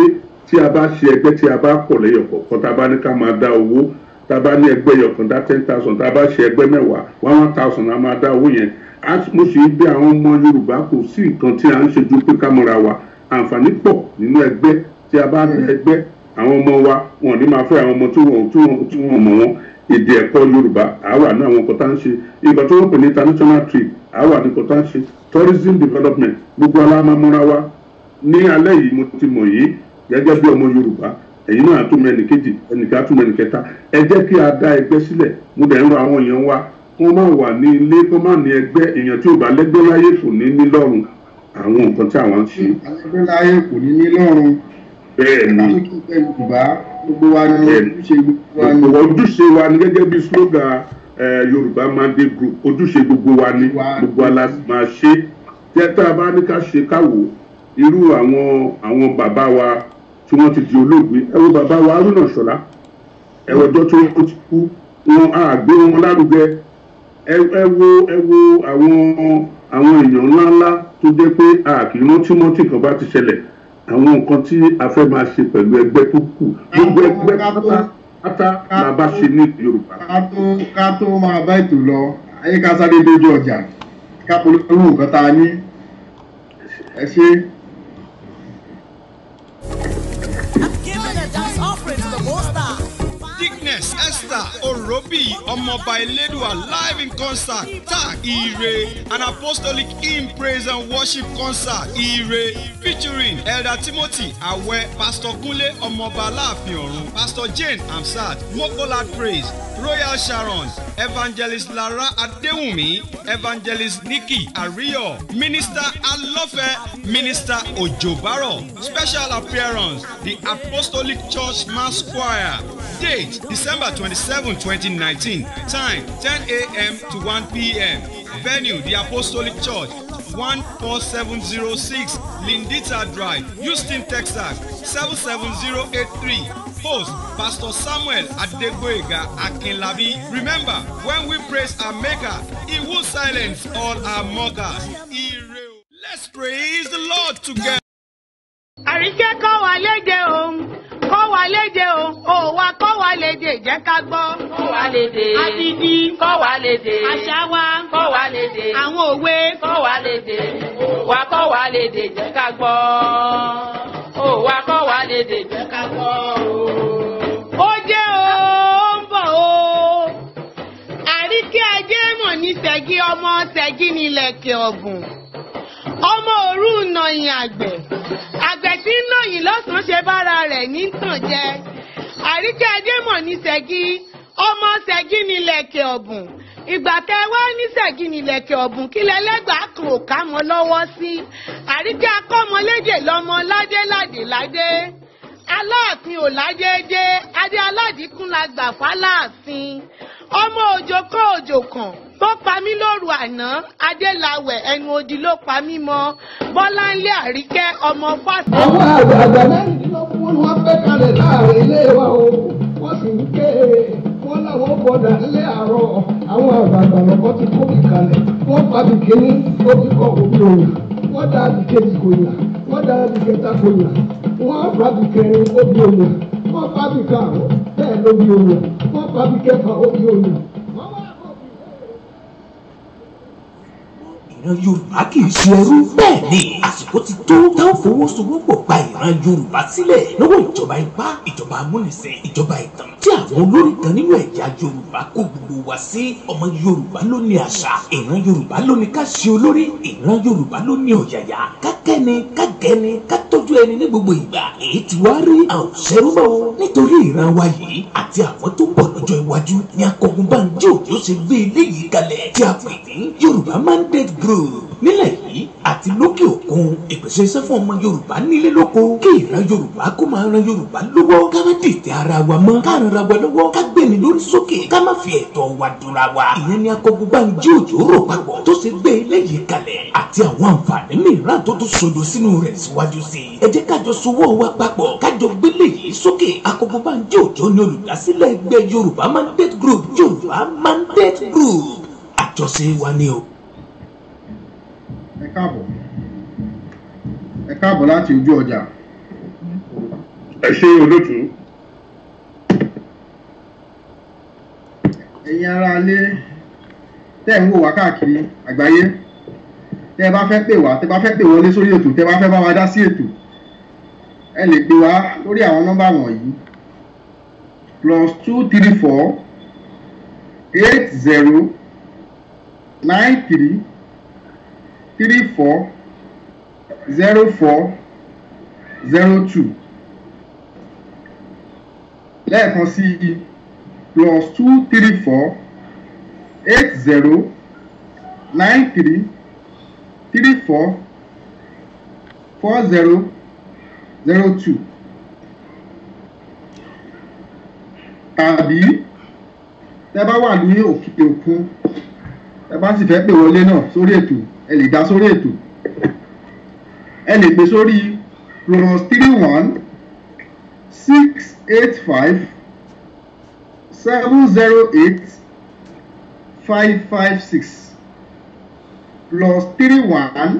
tí a bá ṣe ẹgbẹ́ tí a bá pọ̀ lẹ́yọ̀ kọ̀ọ̀kan tá a bá ní ká máa dá owó tá a bá ní ẹgbẹ́ yọ̀kan dá ten thousand tá a bá ṣe ẹgbẹ́ mẹ́wàá one one thousand a máa dá owó yẹn mo sì ń bẹ àwọn ọmọ Yorùbá kò sí nǹkan tí a ń ṣe ju pé ká mọ̀ra wa àǹfààní pọ̀ nínú ẹgbẹ́ tí a bá ní ẹgbẹ́ àwọn ọmọ wa wọn ò ní máa fẹ́ àwọn ọmọ tí wọn ò mọ̀ wọn èdè ẹ̀kọ́ yorùbá àwa ní àwọn nǹkan tá à ń ṣe ìgbà tó wọ́n pè ní international trip àwa ní nǹkan ń ṣe tourism development gbogbo alámọ́ra wa ní alẹ́ yìí mo ti mọ̀ yìí gẹ́gẹ́ bí ọmọ yorùbá ẹ̀yin náà tó mọ ẹnìkejì ẹnìkan tó mọ ẹnìkẹta ẹ jẹ́ kí a dá ẹgbẹ́ sílẹ̀ mo dẹ̀ ń rọ àwọn èèyàn wa kán má wà ní ilé kán má ní ẹgbẹ́ èèyàn tí ò bá lẹ́gbẹ́ láyé kò ní ní lọ́rùn àwọn nǹkan tí àwọn ń ṣe. àlẹ́gbẹ́ gbogbo wa ni ojúṣe wa ni. ojúṣe wa ni gẹ́gẹ́ bí slogan yorùbá mandate group ojúṣe gbogbo wa ni gbogbo wa la máa ṣe tẹ́tà bá ní ká ṣe káwò irú àwọn àwọn bàbá wa tí wọ́n ti di olóògbé ẹ wo bàbá wa Haruna Ṣọlá ẹ wo ọjọ́ tó ti kú wọn á gbé wọn lárugẹ ẹ wo ẹ wo àwọn àwọn èèyàn ńláńlá tó jẹ́ pé a kì í rántí mọ́tì kan bá ti ṣẹlẹ̀ àwọn nǹkan tí a fẹ́ máa ṣe pẹ̀lú ẹgbẹ́ tó kù gbogbo ẹgbẹ́ pátá la bá ṣe ní Yorùbá. ká tó máa bá ètò lọ ayé ká sáré dójú ọjà ká polówó nǹkan tá a ní ẹ ṣe. Esther Orobi Ọmọọba Elédùà live in concert Ta Ire an apostolic in praise and worship concert Ire featuring Elder Timothy Awe Pastor Kunle Ọmọọba Aláàfin Ọ̀run Pastor Jane Amsat Mokola praise Royal Sharon evangelist lara adéwùmí evangelist nikki àríyọ̀ minister alọ́fẹ́ minister Ojobaro, special appearance the apostolic church mass choir date december twenty seven twenty nineteen time ten a.m. to one p.m. Venue, The Apostolic Church, 14706 Lindita Drive, Houston, Texas, 77083. Host, Pastor Samuel Adegboyega Akinlabi. Remember, when we praise our Maker, He will silence all our mockers. Let's praise the Lord together. Àríkẹ́ kọ́ wa léde òun wa léde o ò wa kọ́ wa léde jẹ́ ká gbọ́. kọ́ wa léde agídí kọ́ wa léde àṣà wa kọ́ wa léde àwọn òwe kọ́ wa léde wa kọ́ wa léde jẹ́ ká gbọ́ ò wa kọ́ wa léde jẹ́ ká gbọ́ o. ní ṣẹ́gi ọmọ ṣẹ́gi nílẹ̀ kẹ̀ ọ̀gùn ọmọ òru nàyìn àgbẹ̀ àgbẹ̀ tí ń nàyìn lọ́sàn-án ṣe bára rẹ̀ ní tàn jẹ àríkẹ́ adémọ̀ ní ṣẹ́gi ọmọ ṣẹ́gi ní lẹ́kẹ̀ ọ̀bùn ìgbà tẹ wá ní ṣẹ́gi ní lẹ́kẹ̀ ọ̀bùn kí lẹ́lẹ́gbàá kò ká mọ́ lọ́wọ́ sí àríkẹ́ akọ́mọlédè lọ́mọ ládéládéládé. ládé, ládé aláàfin ò láyéédé adé aládìkún la gbà fáláàfin ọmọ òjò kan òjò kan tó pa mí lóru àná adélawẹ̀ ẹnu odi ló pa mí mọ́ bọ́láńlé àríkẹ́ ọmọ fásitì. àwọn àgbààgbà mẹ́rìndínlógún ni wọ́n fẹ́ kalẹ̀ láàrin ilé wa o wọ́n sì ń ké e. wọ́n láwọn bọ̀dà nílé àárọ̀ àwọn àgbààgbà lọ́kọ́ ti kó mi kalẹ̀ wọ́n pa bìkíní ó ti kọ́ òbí òyà wọ́n da bìkejì kò yà wọ́n da bìkẹta kò yà wọ́n pa bìkẹrin ó bí òyà wọ́n pa bìkarùn-ún bẹ́ẹ̀ ló bí òyà wọ́n pa bìkẹfà ó bí òyà. ìran yorùbá kì í ṣe ẹrú bẹ́ẹ̀ ni àsìkò ti tó táwọn fọwọ́sowọ́pọ̀ gba ìran yorùbá sílẹ̀ lọ́wọ́ ìjọba ipá ìjọba amúnisìn ìjọba ìtàn tí àwọn olórí kan nínú ẹ̀yà yorùbá kó gbogbo wa sí ọmọ yorùbá ló ní àṣà ìran yorùbá ló ní ká ṣe olórí ìran yorùbá ló ní ọ̀yàyà kákẹ́ni kágẹ́ni kátójú ẹni ní gbogbo ìgbà èyí ti wá rí àwọn ṣẹrú mọ́ o nítorí ìran wa yìí àti àwọn tó bọ̀ lọ́jọ́ iwájú ni akọgun bá ń jẹ́ òjò ṣe gbé eléyìí kalẹ̀ tí a pè ní yorùbá mandate bro nílẹ̀ yìí àti lókè òkun ìpèsè iṣẹ́ fún ọmọ yorùbá nílé lóko kí ìran yorùbá kó máa ran yorùbá lọ́wọ́ ká má dìtẹ̀ ara wa mọ́ ká ran ara wa lọ́wọ́ ká gbẹ̀mí lórí sókè ká má fi ẹ̀tọ́ wa dúnra wa ìyẹn ni akọgbọ́gbàǹjì òjò rò papọ̀ tó ṣe gbé eléyìí kalẹ̀ àti àwọn àǹfààní mìíràn tó tún sodo sínú rẹ̀ síwájú sí i ẹ jẹ́ kájọ sowọ́ wa papọ̀ kájọ gbélé yìí sókè akọgbọ́gbàǹjì òjò ni olùdásílẹ̀ ẹgbẹ́ yorùbá mandate group group àjọṣe wa ni káàbọ̀ ẹ káàbọ̀ láti ojú ọjà. ẹ ṣe olóòtú. ẹ̀yin ará ilé tẹ́ ẹ̀ ń wò wá káàkiri àgbáyé tẹ́ ẹ bá fẹ́ pè wá tẹ́ ẹ bá fẹ́ pè wọlé sórí ètò tẹ́ ẹ bá fẹ́ bá wa dá sí ètò ẹ lè pè wá lórí àwọn nọ́mbà wọ̀nyí plus two three four eight zero nine three three four zero four zero two lẹ́ẹ̀kan sí i plus two three four eight zero nine three three four four zero zero two tàbí tẹ́ bá wà ní òkè òkun tẹ́ bá sì fẹ́ pè wọlé náà sórí ètò ẹ lè dá sórí ètò ẹ lè gbé sórí plus three one six eight five seven zero eight five five six plus three one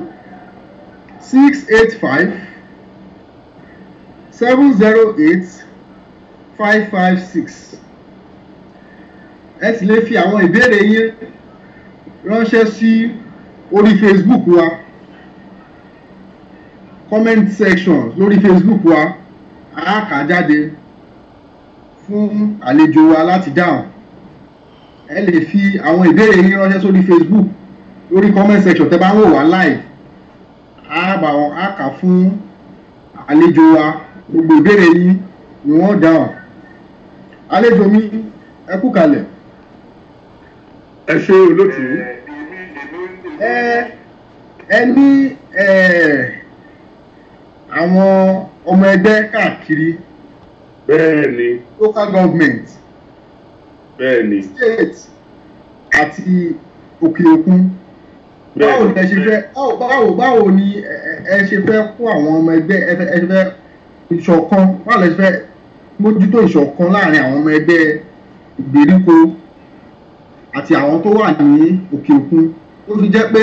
six eight five seven zero eight five five six ẹ sì lè fi àwọn ìbéèrè yín ránṣẹ́ sí. Si orí facebook wa comment section lórí facebook wa a kà jáde fún àlejò wa láti dáhùn ẹ lè fi àwọn ìbéèrè yín ránṣẹ́ sórí facebook lórí comment section tẹ́ bá ń wò wá live a bá wọn a kà fún àlejò wa gbogbo ìbéèrè yín ni wọ́n dáhùn àlejò mi ẹ kú kalẹ̀. ẹ ṣe olótùú ẹ ẹ ní àwọn ọmọ ẹgbẹ́ káàkiri. bẹ́ẹ̀ni. local government. bẹ́ẹ̀ni. state àti òkè òkun. báwo ni ẹ ṣe fẹ́ báwo báwo ni ẹ ṣe fẹ́ kó àwọn ọmọ ẹgbẹ́ ẹ ṣe fẹ́ ìṣọ̀kan báwo lẹ ṣe fẹ́ mójútó ìṣọ̀kan láàrin àwọn ọmọ ẹgbẹ́ ìgbèríko àti àwọn tó wà ní òkè òkun ló fi jẹ́ pé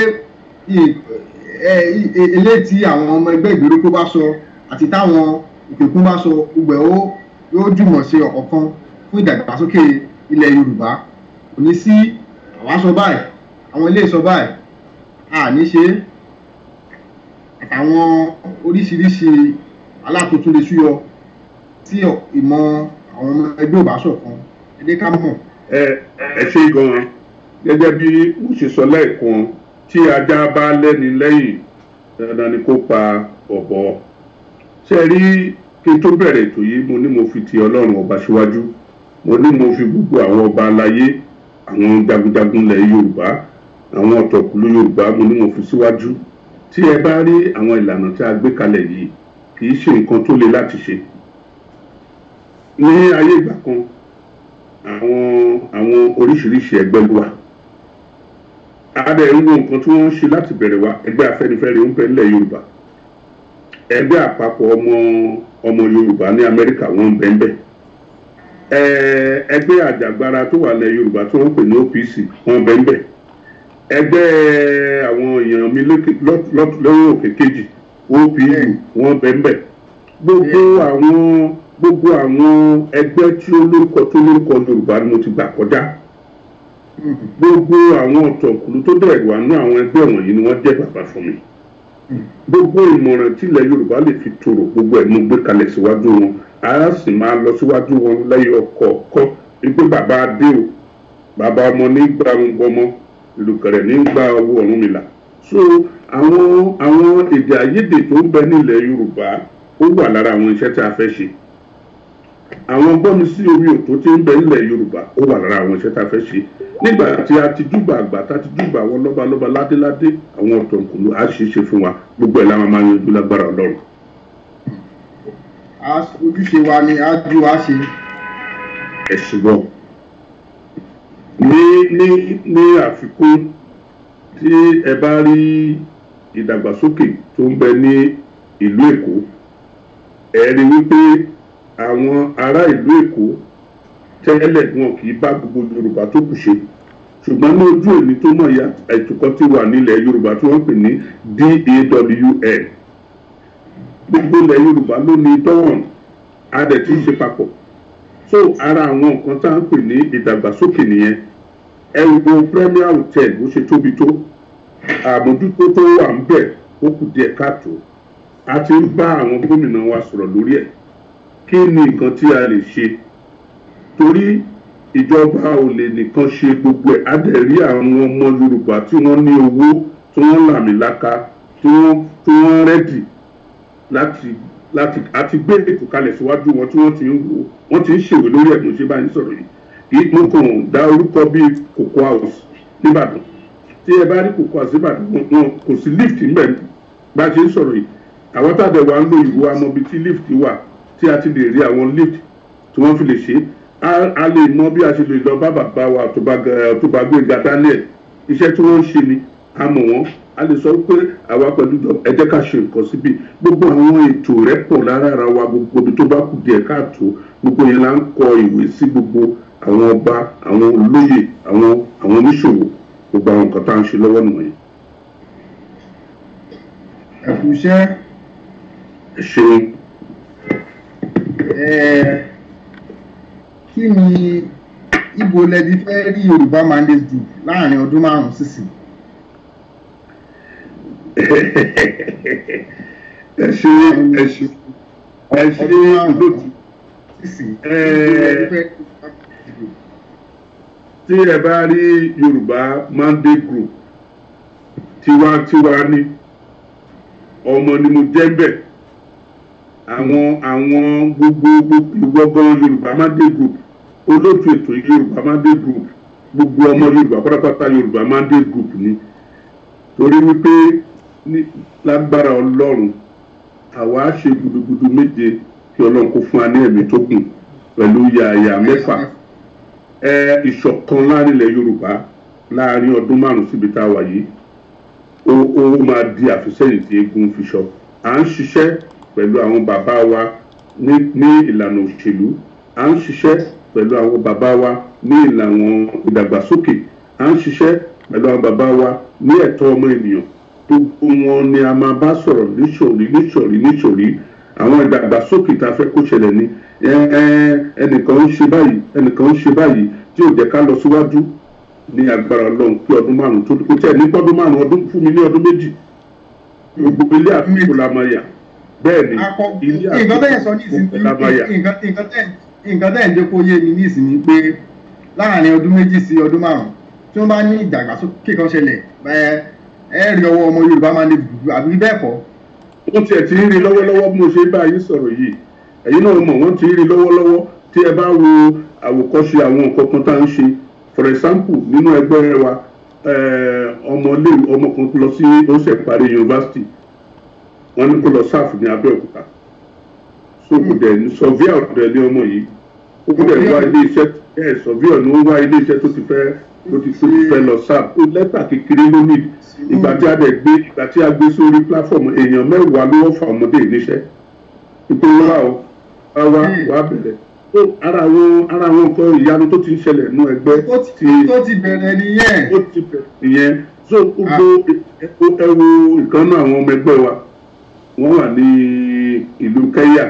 ilé tí àwọn ọmọ ẹgbẹ́ ìgbèríko bá sọ àti táwọn òkèkun bá sọ gbogbo ó yóò jùmọ̀ sí ọ̀kọ̀ọ̀kan fún ìdàgbàsókè ilẹ̀ Yorùbá kò ní sí àwa sọ báyìí àwọn ilé sọ báyìí a ní ṣe àtàwọn oríṣiríṣi alákòótó lè súyọ tí ìmọ̀ àwọn ọmọ ẹgbẹ́ ò bá ṣọ̀kan ẹ jẹ́ ká mọ̀. ẹ ẹ ṣe gan-an gẹ́gẹ́ bí mo ṣe sọ lẹ́ẹ̀kan tí ajá bá lẹ́ni lẹ́yìn dandan ni kó pa ọ̀bọ ṣe rí kí n tó bẹ̀rẹ̀ ètò yìí mo ní mo fi ti ọlọ́run ọba síwájú mo ní mo fi gbogbo àwọn ọba aláyé àwọn jagunjagun ilẹ̀ yorùbá àwọn ọ̀tọ̀kùlú yorùbá mo ní mo fi síwájú tí ẹ bá rí àwọn ìlànà tí a gbé kalẹ̀ yìí kì í ṣe nǹkan tó le láti ṣe ní ayé ìgbà kan àwọn àwọn oríṣiríṣi ẹgbẹ́ ló wà adẹ ń wo nǹkan tí wọ́n ń ṣe láti bẹ̀rẹ̀ wa ẹgbẹ́ afẹ́nifẹ́re ń bẹ nílẹ̀ yorùbá ẹgbẹ́ àpapọ̀ ọmọ ọmọ yorùbá ní amẹ́ríkà wọ́n ń bẹ ń bẹ ẹgbẹ́ àjàgbara tó wà lẹ̀ yorùbá tí wọ́n ń pè ní opc wọ́n ń bẹ ń bẹ ẹgbẹ́ àwọn èèyàn mi lọ́wọ́ òkè kejì opu wọ́n bẹ ń bẹ gbogbo àwọn gbogbo àwọn ẹgbẹ́ tí ó lórúkọ tó lórúkọ yorùbá ni mo ti gbà kọjá gbogbo àwọn ọ̀tọ̀kùlú tó dẹ̀ wà ní àwọn ẹgbẹ́ wọ̀nyí ni wọ́n jẹ́ bàbá fún mi gbogbo ìmọ̀ràn tílẹ̀ Yorùbá lè fi tòrò gbogbo ẹ̀ mo gbé kalẹ̀ síwájú wọn a sì máa lọ síwájú wọn lẹ́yìn ọkọ̀ ọ̀kọ́ wípé bàbá adé o bàbá ọmọ ní gba ọmọ ìlùkẹ̀rẹ̀ ní gba owó Ọ̀rúnmìlà so àwọn àwọn èdè àìyedè tó ń bẹ nílẹ̀ Yorùbá ó wà lára àwọn iṣẹ́ tí a fẹ́ ṣe àwọn gbọ́mi sí omi òtó tí ń bẹ nílẹ̀ Yorùbá ó wà lára àwọn iṣẹ́ tí a fẹ́ ṣe nígbà tí a ti júbà àgbà tá a ti júbà àwọn lọ́balọ́ba ládéládé àwọn ọ̀tọ̀nkùlú á ṣe é ṣe fún wa gbogbo ẹ̀ láwọn máa yanjú lágbára ọlọ́run. ojúṣe wa ni a ju wa ṣe. ẹ ṣùgbọ́n ní ní ní àfikún tí ẹ bá rí ìdàgbàsókè tó ń bẹ ní ìlú èkó ẹ rí wípé àwọn ará ìlú èkó tẹ́lẹ̀ wọn kì í bá gbogbo yorùbá tó kù ṣe ṣùgbọ́n ní ojú èmi tó mọ̀ ya ẹ̀tùkọ́ ti wà nílẹ̀ yorùbá tí wọ́n pè ní DAWL gbogbo ilẹ̀ yorùbá ló ní dọ́wọ̀n a dẹ̀ ti ń ṣe papọ̀ so ara àwọn nǹkan tá à ń pè ní ìdàgbàsókè nìyẹn ẹ wo premier hotel bó ṣe tóbi tó àmójútó tó wà ń bẹ̀ ó kù díẹ̀ káàtó a ti ń bá àwọn gómìnà wa sọ̀rọ̀ lórí ẹ̀ kí ni nǹkan tí a lè ṣe torí ìjọba ò lè nìkan ṣe gbogbo ẹ̀ á dẹ̀ rí àwọn ọmọ Yorùbá tí wọ́n ní owó tí wọ́n làmìlaka tí wọ́n tí wọ́n rẹ́dì láti láti àti gbé ètò kalẹ̀ síwájú wọn tí wọ́n ti ń wò wọ́n ti ń ṣèwé lórí ẹ̀ tó ṣe báyìí sọ̀rọ̀ yìí kì í mú kò dá orúkọ bíi Cocoa House nìbàdàn tí ẹ bá rí Cocoa House nìbàdàn wọn kò sí lift ńbẹ̀ bá a ṣe ń sọ̀rọ̀ yìí àwọn tàbẹ̀ wà ń lo ìwọ amọ̀bi tí lift wà tí a ti lè rí àwọn lift tí wọ́n fi lè ṣe é a lè mọ bí a ṣe lè lọ bá bàbá wa Ọ̀túnba Gbénga Daniel iṣẹ́ tí wọ́n ń ṣe ni a mọ̀ wọ́n a lè sọ pé àwa pẹ̀lú ẹ jẹ́ ká ṣe nǹkan síbi gbogbo àwọn ètò rẹ̀ pọ̀ lára ara wa gbogbo ibi tó bá kù díẹ̀ káàtó gbogbo yẹn là ń kọ ìwé sí gbogbo àwọn ọba àwọn olóyè àwọn àwọn oníṣòwò gbogbo àwọn nǹkan tá à ń ṣe lọ́wọ́ nìyẹn. ẹ̀kúṣẹ́. ẹ ṣeun. ẹ̀ẹ́ kí ni ibo lẹbi fẹ́ rí Yorùbá Mandate Group láàrin ọdún márùn sísìn. ẹ ṣe ẹ ṣe ẹ ṣe lóòtú tí ẹ bá rí Yorùbá Mandate Group tiwantiwa ni ọmọ ni mo jẹ́ bẹ́ẹ̀ àwọn àwọn gbogbo gbogbo gbogbo Yorùbá Mandate Group olóòtú ètò yorùbá mandate group gbogbo ọmọ yorùbá pátápátá yorùbá mandate group ni torí wípé lágbára ọlọ́run àwa á ṣe gudugudu méje kí ọlọ́run kó fún wa ní ẹ̀mí tó gùn pẹ̀lú yàyà mẹ́fà ẹ ìṣọ̀kan láàrin ilẹ̀ yorùbá láàrin ọdún márùn síbi tá a wà yìí ó ó máa di àfisẹ́yìn tí eégún fi sọ à ń ṣiṣẹ́ pẹ̀lú àwọn bàbá wa ní ní ìlànà òṣèlú à ń ṣiṣẹ́ pẹ̀lú àwọn bàbá wa ní ìlànà ìdàgbàsókè à ń ṣiṣẹ́ pẹ̀lú àwọn bàbá wa ní ẹ̀tọ́ ọmọ ènìyàn gbogbo wọn ni a máa bá sọ̀rọ̀ níṣòrí níṣòrí níṣòrí àwọn ìdàgbàsókè tá a fẹ́ kó ṣẹlẹ̀ ni ẹnìkan ń ṣe báyìí ẹnìkan ń ṣe báyìí tí ò jẹ́ ká lọ síwájú ní agbára ọlọ́run pé ọdún márùn tó kò tẹ̀ ní ọdún márùn ọdún fún mi ní ọdún méjì gbogbo ilé àtúntò la máa yà bẹ́ẹ̀ ni ilé àtúntò la máa yà nǹkan tẹ́ ẹ̀ ń jẹ́ kó yé mi ní ìsinmi pé láàárín ọdún méjì sí ọdún márùn-ún tí wọ́n bá ní ìdàgbàsókè kan ṣẹlẹ̀ ẹ rí ọwọ́ ọmọ Yorùbá máa lè dùdú àbí bẹ́ẹ̀ kọ́. wọ́n tiẹ̀ ti ń rí lọ́wọ́lọ́wọ́ bí mo ṣe bá yín sọ̀rọ̀ yìí ẹ̀yin náà mọ̀ wọ́n ti ń rí lọ́wọ́lọ́wọ́ tí ẹ bá wo àwòkọ́ṣe àwọn nǹkan tá ń ṣe for example nínú ẹgbẹ́ wa ọmọ ilé ọmọ kan lọ sí ó ṣẹ̀ parí yunifásitì wọ́n ní kó lọ sáàfù ní Abẹ́òkúta sókùdẹ̀ ní sọ̀víà ọ̀dọ̀ ní ọmọ yìí sókùdẹ̀ wá ilé iṣẹ́ ẹ̀ sọ̀víà ni ó wá ilé iṣẹ́ tó ti fẹ́ tó ti tó ti fẹ́ lọ sáà ó lẹ́tà kékeré ló ní ìgbà tí a dẹ̀ gbé ìgbà tí a gbé sórí pláfọ̀mù èèyàn mẹ́wàá ló wọ́n fa ọmọdé níṣẹ́ ipò wá o wá wá wá bẹ̀rẹ̀ ó ara àwọn ara àwọn nǹkan ìyanu tó ti ń ṣẹlẹ̀ nú ẹgbẹ́ ti tó ti bẹ̀rẹ̀ nìyẹn tó ti bẹ̀rẹ̀ nìyẹn so gbogbo ẹ wo ìkànnà àwọn ọmọ ẹgbẹ́ wa wọ́n wà ní ìlú Kẹ́yà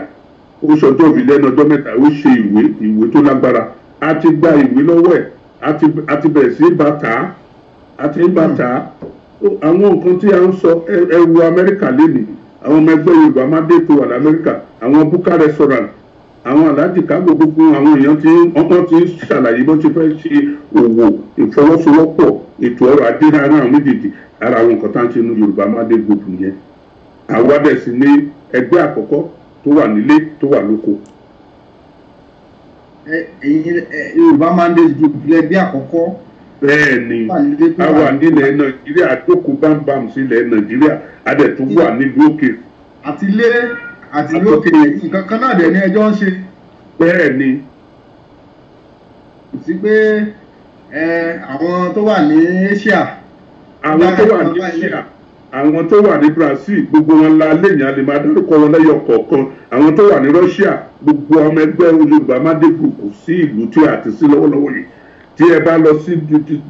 ó ṣọjọ́ òbí lẹ́nu ọjọ́ mẹ́ta ó ṣe ìwé ìwé tó lágbára a ti gba ìwé lọ́wọ́ ẹ̀ a ti bẹ̀rẹ̀ sí bàtà a ti bàtà àwọn nǹkan tí a ń sọ ẹrù amẹ́ríkà lénìí àwọn ọmọ ẹgbẹ́ yorùbá máa dé tó wà lamẹ́ríkà àwọn búkà restaurant àwọn aláàjì kágbó gbogbo àwọn èèyàn tí ọkàn ti ń ṣàlàyé bó ti fẹ́ ṣe òwò ìfọwọ́sowọ́pọ̀ ètò ọrọ̀ ajé ara àwọn méjèèjì ara àwọn nǹkan tá à ń ṣe ní yorùbá máa dé gbogbo yẹn àwa dẹ̀ sí ní ẹgbẹ́ àkọ́kọ́ tó wà nílé tó wà lóko. yorùbá máa ń lé ju ẹbí àkọ́kọ́. bẹ́ẹ̀ ni a wà nílẹ̀ nàìjíríà àdókò bámbam sílẹ̀ nàìjíríà a dẹ̀ tún wà nílùú òkè. àti ilé àti ilé òkè nǹkan kan náà dẹ̀ ni ẹjọ́ ń ṣe. bẹ́ẹ̀ ni. kò sí pé àwọn tó wà ní Asia. àwọn tó wà ní Asia àwọn tó wà ní Brazil gbogbo wọn la léèyàn lè máa dárúkọ wọn lẹ́yọ kọ̀ọ̀kan àwọn tó wà ní Russia gbogbo ọmọ ẹgbẹ́ Yorùbá má dé gòkò sí ìlú tí a ti sí lọ́wọ́lọ́wọ́ yìí tí ẹ bá lọ sí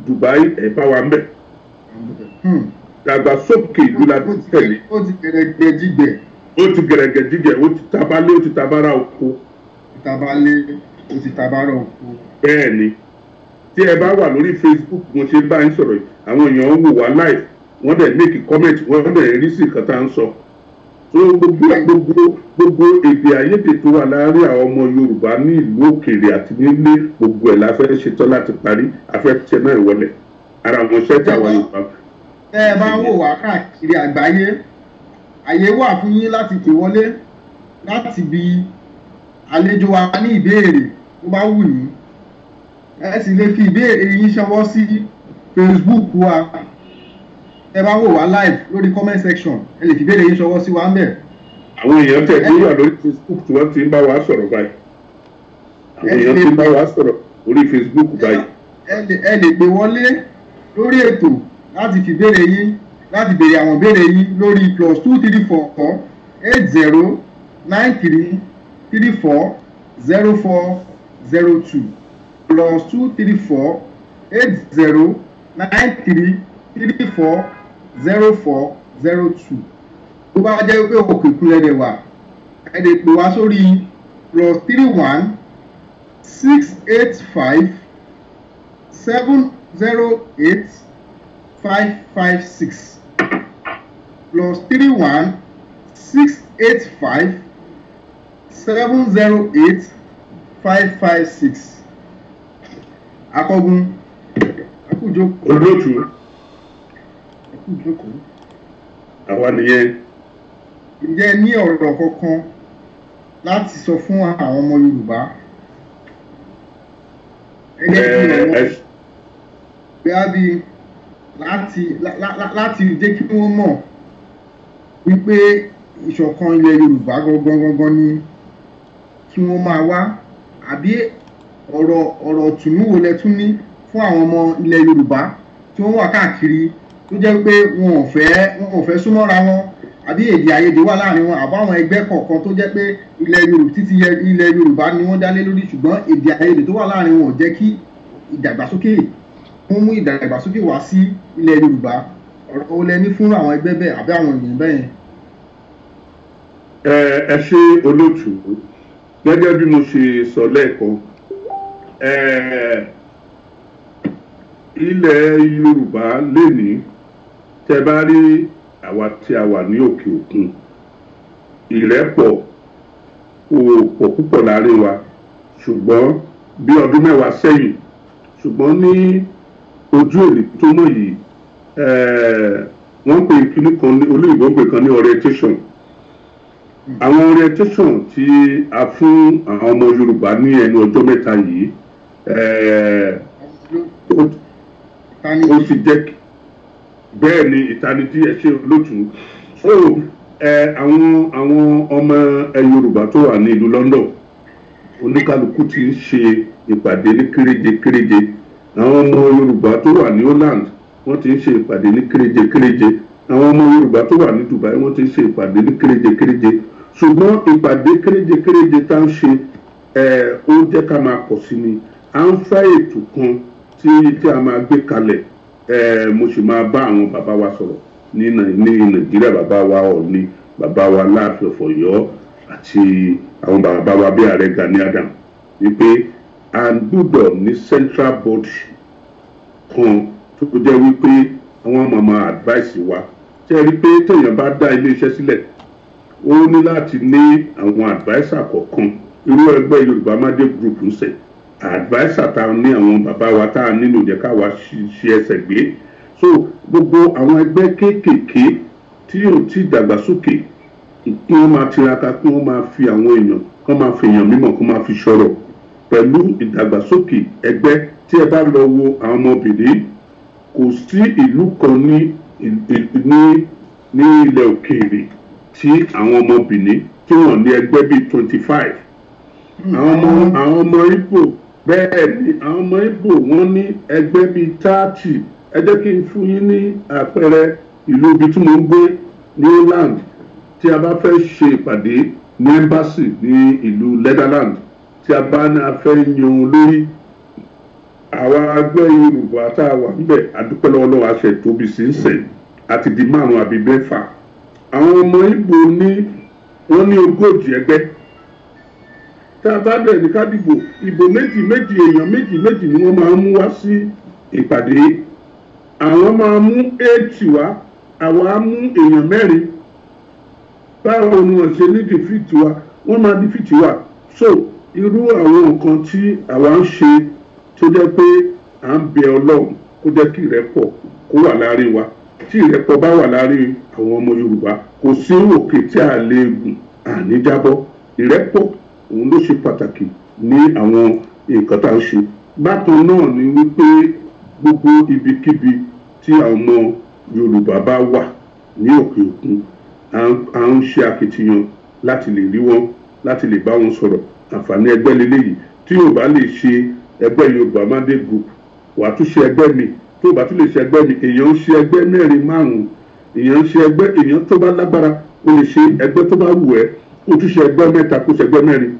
Dubai ẹ bá wa ń bẹ̀ hmm. dàgbàsókè ìlú la tẹ̀lé. ó ti gẹ̀rẹ̀gẹ̀ jígbẹ̀. ó ti gẹ̀rẹ̀gẹ̀ jígbẹ̀ ó ti tabalé ó ti tabara oko. tabalé ó ti tabara oko. bẹ́ẹ̀ ni tí ẹ bá wà lórí Facebook mo ṣe bá ń sọ̀rọ̀ yìí àwọn èèyàn ń wò wá live wọ́n dẹ̀ make comment wọ́n dẹ̀ rí sí nǹkan tá à ń sọ so gbogbo gbogbo gbogbo èdè àìyedè tó wà láàárín àwọn ọmọ Yorùbá ní ìlú òkèèrè àti nílé gbogbo ẹ̀ la fẹ́ ṣetán láti parí afẹ́tẹ́ náà wọlé ara wọn ṣẹ́jà wà Yorùbá. tẹ́ ẹ bá wò wá káàkiri àgbáyé àyè wà fún yín láti pè wọlé láti bi àlejò wa ní ìbéèrè tó bá wù yín ẹ sì lè fi ìbéèrè yín ṣọwọ́ sí Facebook wa tẹ bá wò wá live lórí comment section ẹ lè fi béèrè yín ṣọwọ́ sí wa ń bẹ̀. àwọn èèyàn tẹ̀ ní wà lórí facebook tí wọ́n ti ń bá wa sọ̀rọ̀ báyìí àwọn èèyàn ti ń bá wa sọ̀rọ̀ lórí facebook báyìí. ẹ lè gbé wọlé lórí ètò láti fi béèrè yín láti béèrè àwọn béèrè yín lórí plus two three four four eight zero nine three three four zero four zero two plus two three four eight zero nine three three four zero four zero two tó bá jẹ́ pé òkè kúlẹ̀ rẹ̀ wà ẹ lè pè wá sórí plus three one six eight five seven zero eight five five six plus three one six eight five seven zero eight five five six akọgun akújọ olóòtú ìjókòó. àwa nìyẹn. ǹjẹ́ ní ọ̀rọ̀ kankan láti sọ fún àwọn ọmọ Yorùbá? ẹgbẹ́ tí mo mọ̀ bíá bí láti láti jẹ́ kí wọ́n mọ̀ wípé ìṣọ̀kan ilẹ̀ Yorùbá gangan gangan ni kí wọ́n máa wá àbí ọ̀rọ̀ ọ̀rọ̀ tùnú wo lẹ tún ní fún àwọn ọmọ ilẹ̀ Yorùbá tí wọ́n wà káàkiri tó jẹ́ pé wọn ò fẹ́ wọn ò fẹ́ súnmọ́ra wọn àbí èdè àìyedè wà láàrin wọn àbáwọn ẹgbẹ́ kọ̀ọ̀kan tó jẹ́ pé ilẹ̀ yorùbá títí ilẹ̀ yorùbá ni wọ́n dálé lórí ṣùgbọ́n èdè àìyedè tó wà láàrin wọn ò jẹ́ kí ìdàgbàsókè wọ́n mú ìdàgbàsókè wá sí ilẹ̀ yorùbá ó lẹ ní fún àwọn ẹgbẹ́ bẹ́ẹ̀ àbí àwọn ènìyàn bẹ́ẹ̀. ẹ ẹ ṣe olóòtú gẹ́gẹ́ bí mo ṣe sọ lẹ́ẹ̀kan ilẹ̀ yorùbá lénìí tẹ bá rí àwa tí a wà ní òkè òkun ìrẹ́pọ̀ òòpọ̀ púpọ̀ láàrin wa ṣùgbọ́n bí ọdún mẹ́wàá sẹ́yìn ṣùgbọ́n ní ojú èlé tó mọ̀ yìí wọ́n pe kíní kan olóyìnbó pè kan ní orientation àwọn orientation tí a fún àwọn ọmọ Yorùbá ní ẹnu ọjọ́ mẹ́ta yìí ó ti jẹ́ kí bẹ́ẹ̀ ni ìtanijí ẹ ṣe lótú so ẹ àwọn àwọn ọmọ ẹ Yorùbá tó wà ní ìlú London oníkálukú ti ń ṣe ìpàdé ní kéréje kéréje àwọn ọmọ Yorùbá tó wà ní Holland wọ́n ti ń ṣe ìpàdé ní kéréje kéréje àwọn ọmọ Yorùbá tó wà ní Dubai wọ́n ti ń ṣe ìpàdé ní kéréje kéréje ṣùgbọ́n ìpàdé kéréje kéréje tá ń ṣe ẹ ó jẹ́ ká máa pọ̀ sí ni à ń fẹ́ ètò kan tí tí a máa gbé kalẹ̀ mo sì máa bá àwọn bàbá wa sọ̀rọ̀ ní nàìjíríà bàbá wa ọ̀ọ́ni bàbá wa láàfin ọ̀fọ̀yọ́ àti àwọn bàbá wa bí ààrẹ Gani Adam wípé a gbọ́dọ̀ ní central body kan tó jẹ́ wípé àwọn màmá advice wa ṣe rí pé téèyàn bá dá iléeṣẹ́ sílẹ̀ ó ní láti ní àwọn adviser kọ̀ọ̀kan irú ẹgbẹ́ Yorùbá Made group ń sẹ́yìn adviser tá a ní àwọn bàbá wa tá a nílò jẹ́ káwa ṣe ẹsẹ̀ gbé so gbogbo àwọn ẹgbẹ́ kéékèèké tí yóò ti dàgbàsókè kí wọ́n máa tiraka kí wọ́n máa fi àwọn èèyàn kí wọ́n máa fi èèyàn mímọ̀ kí wọ́n máa fi sọ̀rọ̀ pẹ̀lú ìdàgbàsókè ẹgbẹ́ tí ẹ bá lọ wo àwọn ọmọbìnrin kò sí ìlú kan ní ní ní ilẹ̀ òkèèrè tí àwọn ọmọbìnrin tí wọ́n ní ẹgbẹ́ bíi twenty five hmm. àwọn ọmọ àwọn ọmọ Ìgbò bẹ́ẹ̀ ni àwọn ọmọ Ìgbò wọ́n ní ẹgbẹ́ bíi táàtì ẹ jẹ́ kí n fún yín ní àpẹẹrẹ ìlú ibi tí mo ń gbé Newland tí a bá fẹ́ ṣe ìpàdé ní embassy ní ìlú Netherlands tí a bá ní a fẹ́ yan lórí àwa agbẹ́ Yorùbá tá a wà níbẹ̀ adúpẹ́ aṣẹ tóbi sí ń sẹ̀ àti di márùn-ún àbí mẹ́fà àwọn ọmọ Ìgbò ní wọ́n ní ogójì ẹgbẹ́ tá a bá bẹ̀rẹ̀ ní kádìgbò ìbò méjì méjì èèyàn méjì méjì ni wọ́n máa ń mú wá sí ìpàdé àwọn máa mú éètì wá àwa mú èèyàn mẹ́rin báwo ni wọ́n ṣe ní dìfìtì wa wọ́n máa dìfìtì wa so irú àwọn nǹkan tí àwa ń ṣe tó jẹ́ pé à ń bẹ ọlọ́run kó jẹ́ kí ìrẹ́pọ̀ kó wà láàrin wa tí ìrẹ́pọ̀ bá wà láàrin àwọn ọmọ yorùbá kò sí òkè tí a lè gùn àníjábọ́ ìrẹ́pọ̀ òun ló ṣe pàtàkì ní àwọn nǹkan tá à ṣe bákan náà ni wípé gbogbo ibikíbi tí àwọn ọmọ Yorùbá bá wà ní òkè òkun à ń ṣe akitiyan láti lè rí wọn láti lè bá wọn sọ̀rọ̀ àǹfààní ẹgbẹ́ lélẹ́yìí tí yóò lè ṣe ẹgbẹ́ Yorùbá Mandate Group wàá tún ṣe ẹgbẹ́ mi tó bá tún lè ṣe ẹgbẹ́ mi èèyàn ń ṣe ẹgbẹ́ mẹ́rin márùn-ún èèyàn ń ṣe ẹgbẹ́ èèyàn tó bá lágbára o lè ṣe ẹgbẹ́ tó bá wù ẹ́ ojúṣe ẹgbẹ́ mẹ́ta kó ṣẹgbẹ́ mẹ́rin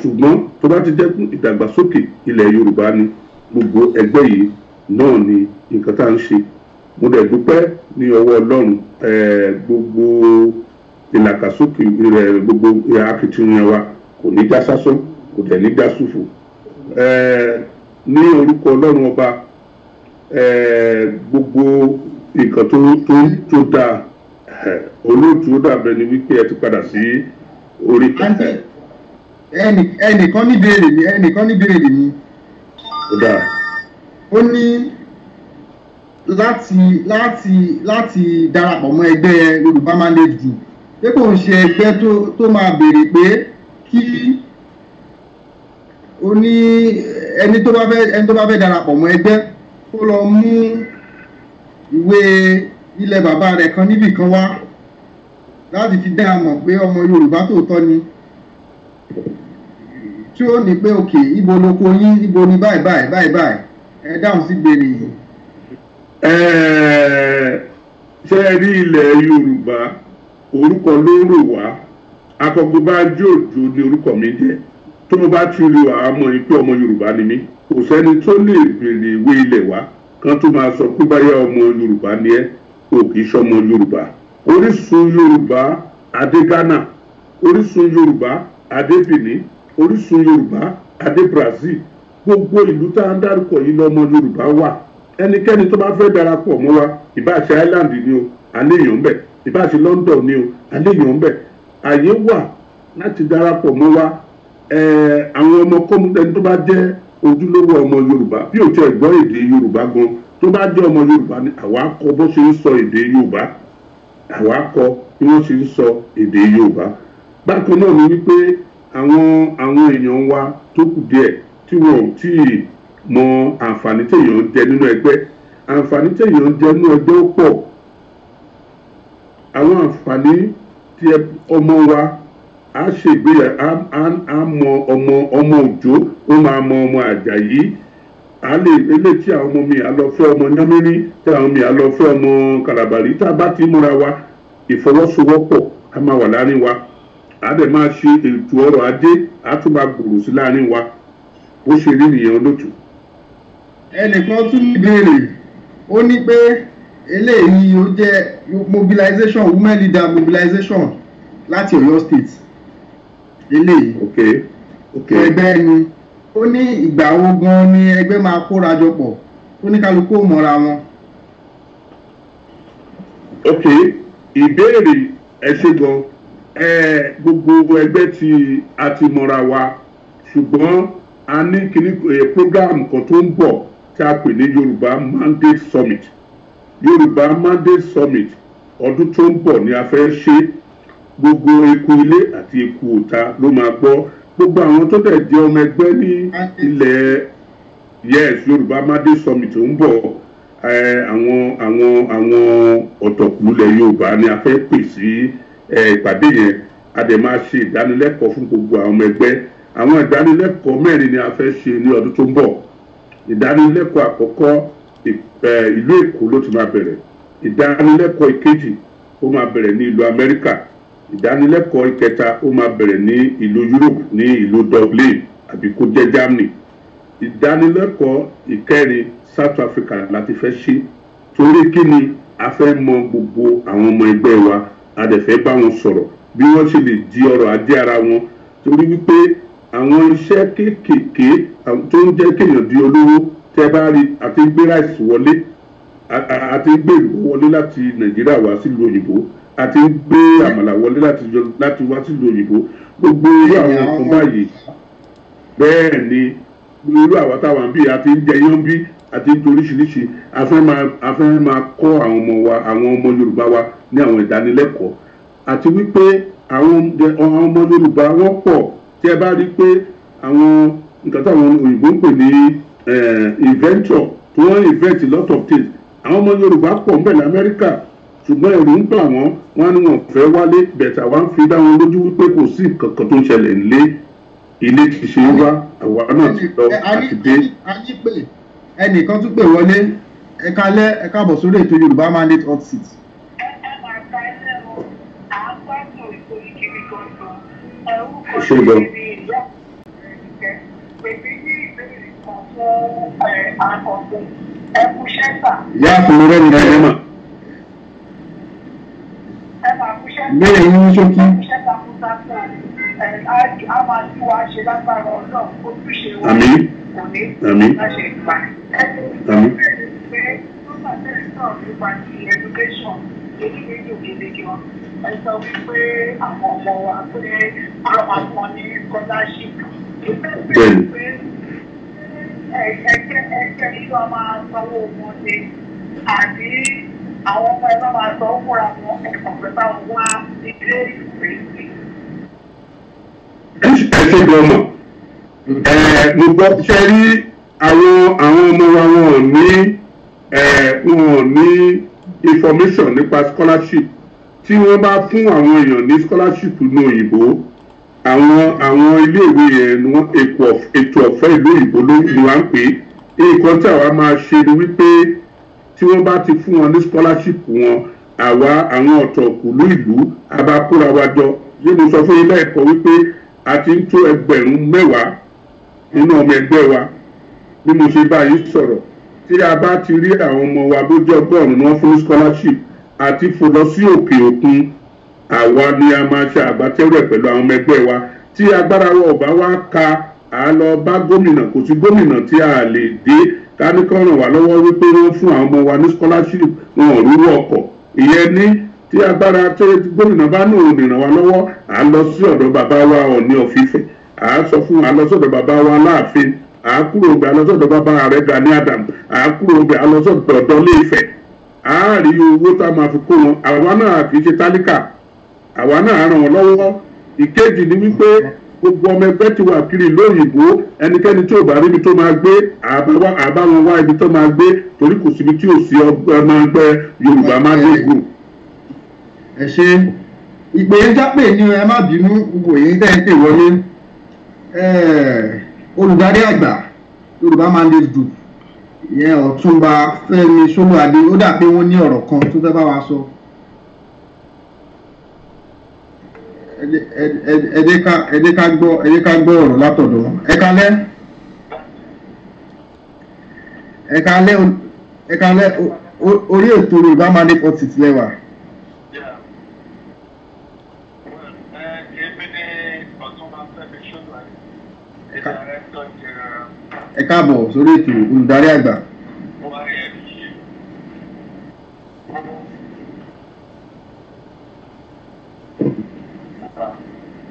ṣùgbọ́n tó bá ti jẹ́ ìdàgbàsókè ilẹ̀ Yorùbá ni gbogbo ẹgbẹ́ yìí náà ni nǹkan tá à ń ṣe mo dẹ̀ dúpẹ́ ní ọwọ́ Ọlọ́run gbogbo ìlàkàsókè rẹ̀ gbogbo akitiyan wa kò ní já sásán kò dẹ̀ ní já sùfù ní orúkọ Ọlọ́run ọba gbogbo nǹkan tó dáa olóòtú ó dàbẹ̀ ni wípé ẹ ti padà sí. Si, orí kẹtẹ. ẹnìkan ní béèrè mi ẹnìkan ní béèrè mi. ó dáa. ó ní láti láti láti darapọ̀ mọ́ ẹgbẹ́ Yorùbá Mandate Group pé kò ń ṣe ẹgbẹ́ tó máa béèrè pé kí ó ní ẹni tó bá fẹ́ ẹni tó bá fẹ́ darapọ̀ mọ́ ẹgbẹ́ kó lọ mú ìwé ilẹ̀ bàbá rẹ̀ kan níbì kan wá láti fi dá a mọ̀ pé ọmọ Yorùbá tòótọ́ ni tí ó ní pé òkè ibo loko yín ibo ni báyìí báyìí báyìí báyìí ẹ dáhùn sí gbèrè yìí. ṣé ẹ rí ilẹ̀ Yorùbá orúkọ ló rò wá akọgbó bá jòjò ní orúkọ mi jẹ tó mo bá ti rí wàá mọ̀ pé ọmọ Yorùbá ni mí kò sẹ́ni tó lè béèrè ìwé ilẹ̀ wa kan tó máa sọ pé báyà ọmọ Yorùbá ni ẹ kò kì í ṣọmọ Yorùbá. orísun yorùbá adé ghana orísun yorùbá adé benin orísun yorùbá adé brazil gbogbo ìlú tá à ń dárúkọ yìí lọ́mọ yorùbá wà ẹnikẹ́ni tó bá fẹ́ darapọ̀ mọ́ wa ìbáṣe island ni o àléèyàn ń bẹ ìbáṣe london ni o àléèyàn ń bẹ àyè wà láti darapọ̀ mọ́ wa àwọn ọmọ kọ́mútẹ́ni tó bá jẹ́ ojúlówó ọmọ yorùbá bí o tiẹ̀ gbọ́ èdè yorùbá gan tó bá jẹ́ ọmọ yorùbá ni àwa kọ́ bó ṣe ń sọ èdè yorùbá àwákọ bí wọ́n ṣe ń sọ èdè Yorùbá bákan náà ni wípé àwọn àwọn èèyàn wa tó kù díẹ̀ tí wọn ò tí ì mọ àǹfààní téèyàn ń jẹ nínú ẹgbẹ́ àǹfààní téèyàn ń jẹ nínú ẹgbẹ́ ó pọ̀ àwọn àǹfààní tí ọmọ wa á ṣègbéyà á mọ ọmọ ọmọ Òjó ó máa mọ ọmọ Àjàyí a lè lè tí àwọn ọmọ mi à lọ fẹ́ ọmọ námẹ́rí tí àwọn mi à lọ fẹ́ ọmọ kàràbàrí tá a bá ti múra wa ìfọwọ́sowọ́pọ̀ a máa wà láàrin wa a dẹ̀ máa ṣe ètò ọrọ̀ ajé a tún máa gbòòrò sí láàrin wa bó ṣe rí nìyẹn lójú. ẹnìkan tún ní ìbéèrè ó ní pé eléyìí ó jẹ́ mobilization women leader mobilization láti Ọ̀yọ́ state eléyìí ẹgbẹ́ ni. Okay ó ní ìgbà wo gan ni ẹgbẹ́ máa kóra jọ pọ̀ ó ní kálukú ò mọ́ra wọn. ok ìbéèrè ẹ ṣe gan ẹ gbogbo ẹgbẹ́ tí a ti mọ́ra wa ṣùgbọ́n a ní kíní eh, program kan tó ń bọ̀ tí a pè ní Yorùbá Mandate Summit Yorùbá Mandate Summit ọdún tó ń bọ̀ ni a fẹ́ ṣe gbogbo eku ilé àti eku òta ló máa gbọ́ gbogbo àwọn tó dẹ̀ jẹ́ ọmọ ẹgbẹ́ ní mm-hmm. ilẹ̀ yes yorùbá mádé summit ń bọ̀ àwọn àwọn àwọn ọ̀tọ̀kù ilẹ̀ yorùbá ni a fẹ́ pè sí ìpàdé yẹn a dẹ̀ máa ṣe ìdánilẹ́kọ̀ọ́ fún gbogbo àwọn ọmọ ẹgbẹ́ àwọn ìdánilẹ́kọ̀ọ́ mẹ́rin ni a fẹ́ ṣe ní ọdún tó ń bọ̀ ìdánilẹ́kọ̀ọ́ àkọ́kọ́ ìlú èkó ló ti máa bẹ̀rẹ̀ ìdánilẹ́kọ̀ọ́ ìkejì ó máa bẹ̀rẹ̀ ní ìlú amẹ́ríkà ìdánilẹ́kọ̀ọ́ ìkẹta ó máa bẹ̀rẹ̀ ní ìlú Europe ní ìlú Dublin àbí kó jẹ́ Germany ìdánilẹ́kọ̀ọ́ ìkẹrin South Africa láti fẹ́ ṣe torí kí ni a fẹ́ mọ gbogbo àwọn ọmọ ẹgbẹ́ wa a dẹ̀ fẹ́ bá wọn sọ̀rọ̀ bí wọ́n ṣe lè di ọrọ̀ ajé ara wọn torí wípé àwọn iṣẹ́ kéékèèké tó ń jẹ́ kéèyàn di olówó tẹ́ bá rí àti gbé ráìsì wọlé àti gbé ìlú wọlé láti Nàìjíríà wá sílùú òyìnbó a ti ń gbé àmàlà wọlé láti wá sílùú òyìnbó gbogbo irú àwọn nǹkan báyìí bẹ́ẹ̀ ni irú àwọn táwọn àbí a ti ń jẹ yán bí a ti ń to oríṣiríṣi a fẹ́ máa kọ́ àwọn ọmọ wa àwọn ọmọ Yorùbá wa ní àwọn ìdánilẹ́kọ̀ọ́ àti wípé àwọn ọmọ Yorùbá wọ́n pọ̀ tí ẹ bá rí pé àwọn nǹkan táwọn òyìnbó ń pè ní eh, inventor tí wọ́n invent lot of things àwọn ọmọ Yorùbá pọ̀ ń bẹ l'Amẹ́ríkà ṣùgbọ́n ẹ̀rù ń bà wọ́n wọ́n ní wọn fẹ́ wálé bẹ̀tà wá ń fi dá wọn lójú wípé kò sí nǹkan kan tó ń ṣẹlẹ̀ nílé ilé ti ṣe wá àwa náà ti lọ àti dé. ẹnìkan tún pè wọlé ẹ kálẹ́ ẹ káàbọ̀ sórí ètò Yorùbá Mandate hot seat. ṣe lọ. ìyá àfọwọ́rẹ́ ni ẹ mọ̀ bẹ́ẹ̀ ní ṣókí. àmín àmín àmín. èyí ni kí wọn ẹ sọ bẹ́ẹ̀ni. ẹ̀jẹ̀ ẹ̀jẹ̀ ìlú ọmọ sanwó wọn àbí àwọn ọmọ ẹ bá máa sọ fúnra wọn ẹ̀kọ́ pé bá wọn wá ilé ìwé sí. ẹ ṣe gbọmọ mo gbọ́ ṣe rí àwọn àwọn ọmọ wa wọn ò ní wọn ò ní information nípa scholarship tí wọ́n bá fún àwọn èèyàn ní scholarship ní òyìnbó àwọn àwọn iléèwé yẹn ni wọ́n ètò ọ̀fẹ́ ìlú òyìnbó ló ń pè é nǹkan tí àwa máa ṣe ni wípé tí wọ́n bá ti fún wọn ní scholarship wọn àwa àwọn ọ̀tọ̀ òkùlú ìlú àbá kóra wa jọ yé mo sọ fún yín lẹ́ẹ̀kọ́ wípé a ti ń tó ẹgbẹ̀rún mẹ́wàá nínú ọmọ ẹgbẹ́ wa bí mo ṣe bá yín sọ̀rọ̀ tí a bá ti rí àwọn ọmọ wa bójú ọgọ́rùn-ún wọn fún scholarship àti fò lọ sí òkè òkun àwa ni a máa ṣe àgbátẹ́rù ẹ̀ pẹ̀lú àwọn ọmọ ẹgbẹ́ wa tí agbára wa ò bá ka à bá gómìnà kò sí gómìnà tí a lè dé ká ní kọ́ ràn wá lọ́wọ́ wípé wọ́n fún àwọn ọmọ wa ní scholarship wọn ò rúwọ́ ọkọ̀ ìyẹn ní tí agbára gómìnà bá ní lọ sí ọ̀dọ̀ bàbá wa Ọọ̀ni of à sọ fún alọ́sọ̀dọ̀ bàbá wa láàfin à kúrò gbé alọ́sọ̀dọ̀ bàbá rẹ̀ Gani Adam à kúrò gbé alọ́sọ̀dọ̀ a máa fi kó wọn àwa náà kì í ṣe tálíkà gbogbo ọmọ ẹgbẹ́ ti wà kiri ìlú òyìnbó ẹnikẹ́ni tí ò bá rí ibi tó máa gbé àbá wọn wá ibi tó máa gbé torí kò síbi tí ò sí ọmọ ẹgbẹ́ yorùbá máa lóògùn. ẹ ṣe ìpèníjà pè ní ẹ má bínú gbogbo èyí tẹ́ ń pè wọlé olùdarí àgbà yorùbá máa lè dùn ìyẹn ọ̀túnba fẹ́mi ṣolúwadé ó dà pé wọ́n ní ọ̀rọ̀ kan tó fẹ́ bá wa sọ. So ẹdẹ ká gbọ́ ẹdẹ ká gbọ́ ọ̀rọ̀ látọ̀dọ̀ wọn ẹ kálẹ́ ẹ kálẹ́ ẹ kálẹ́ orí ètò Yorùbá máa ní pọtì tilẹ̀ wà. ẹ káàbọ̀ sórí ètò olùdarí àgbà.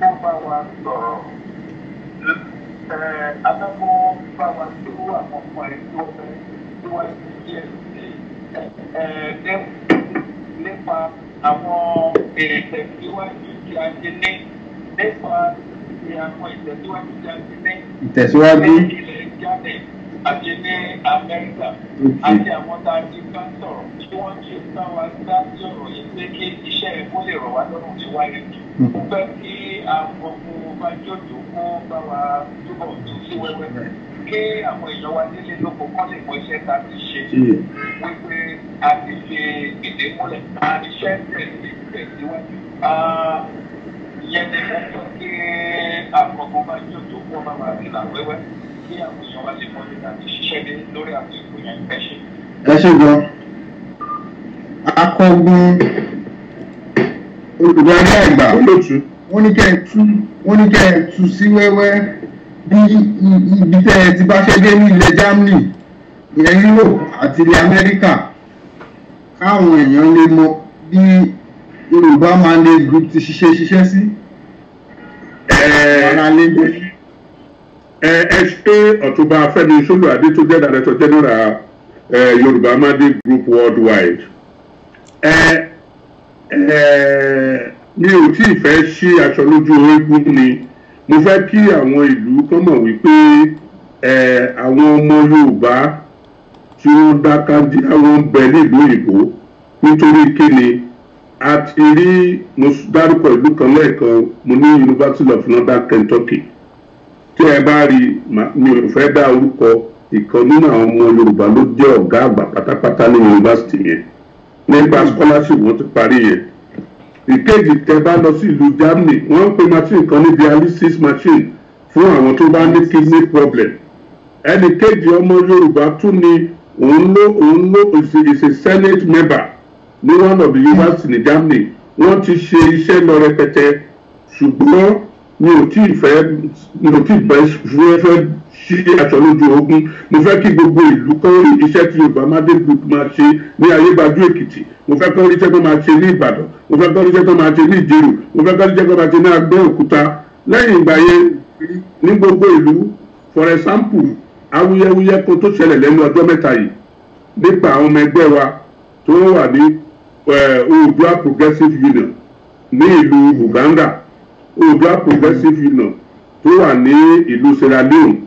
wọ́n bá wa sọ̀rọ̀ adágún bá wa tó àwọn ọmọ ẹ̀ tó ọmọ tó wá sí díẹ̀ nípa àwọn èrè ìwádìí tí a ti ní nípa àwọn ìtẹ̀síwájú tí a ti ní. ìtẹ̀síwájú. ilẹ̀ àti ní amẹ́ríkà àti àwọn tá a ti bá sọ̀rọ̀ tí wọ́n ti bá wa bá sọ̀rọ̀ yìí pé kí iṣẹ́ ẹ̀kọ́ lè rọ̀ wá lọ́rùn ní wáyé hmm. mo fẹ́ kí àwọn ọmọ jòjò kó bá wa túbọ̀ tún sí wẹ́wẹ́ kí àwọn èèyàn wa nílé lóko kọ́ lè mọ iṣẹ́ tá a ti ṣe wípé a ti ṣe èdè múlẹ̀ a iṣẹ́ tẹ̀lé tẹ̀síwájú ìyẹn ni mo fẹ́ kí àwọn ọmọ jòjò bá wa rìn làwẹ́wẹ́ bí àwọn èèyàn wá sí mọ́lẹ̀ àti ṣiṣẹ́ dé lórí àwọn èèyàn yẹn ẹ ṣe. ẹ ṣe gan akọgun olùgbà náà gbà olóòtú wọ́n ní kẹ́ ẹ tú wọ́n ní kẹ́ ẹ tú sí wẹ́wẹ́ bí ibi tẹ́ ẹ ti bá ṣe dé ní ilẹ̀ Germany ilẹ̀ Europe àti ilẹ̀ Amẹ́ríkà káwọn èèyàn lè mọ bí Yorùbá Mandate Group ti ṣiṣẹ́ ṣiṣẹ́ sí. ẹ̀ẹ́dẹ́gbẹ̀rún sa ọ̀túnba afẹ́mi sólù adé tó jẹ́ director general yorùbá amadi group worldwide mi ò tí ì fẹ́ ṣí aṣọ lójú eégún ni mo fẹ́ kí àwọn ìlú tó mọ̀ wípé àwọn ọmọ yorùbá tí wọ́n dáká di àwọn bẹ nílùú òyìnbó nítorí kíni a ti rí mo dárúkọ ìlú kan lẹ́ẹ̀kan mo ní university of London, kentucky tí ẹ bá rí mi ò fẹ́ dá orúkọ ìkan nínú àwọn ọmọ Yorùbá ló jẹ́ ọ̀gá àgbà pátápátá ní yunifásitì yẹn nípa scholarship wọn ti parí yẹn ìkejì tẹ bá lọ sí ìlú Germany wọ́n ń pe machine kan ní dialysis machine fún àwọn tó bá ní kidney problem ẹnì kejì ọmọ Yorùbá tún ni òun ló òun ló is senate member ní one of the university ní Germany wọ́n ti ṣe iṣẹ́ lọ rẹpẹtẹ ṣùgbọ́n mi ò tí ì fẹ́ mi ò tí ì fẹ́ fúyẹ́ fẹ́ sí aṣọ lójú ogun mo fẹ́ kí gbogbo ìlú kọ́ iṣẹ́ tí Yorùbá Made Group máa ṣe ní Ayégbájú Èkìtì mo fẹ́ kọ́ iṣẹ́ tó máa ṣe ní Ìbàdàn mo fẹ́ kọ́ iṣẹ́ tó máa ṣe ní Ìdírò mo fẹ́ kọ́ iṣẹ́ tó máa ṣe ní Abẹ́òkúta lẹ́yìn ìgbà yẹn ní gbogbo ìlú for example awuyewuye kan tó ṣẹlẹ̀ lẹ́nu ọjọ́ mẹ́ta yìí nípa àwọn ọmọ ẹgbẹ́ wa tó wà ní eh, Oòduà Progressive Union ní ìlú Uganda Oòduà Progressive Union tó wà ní ìlú Sierra Leone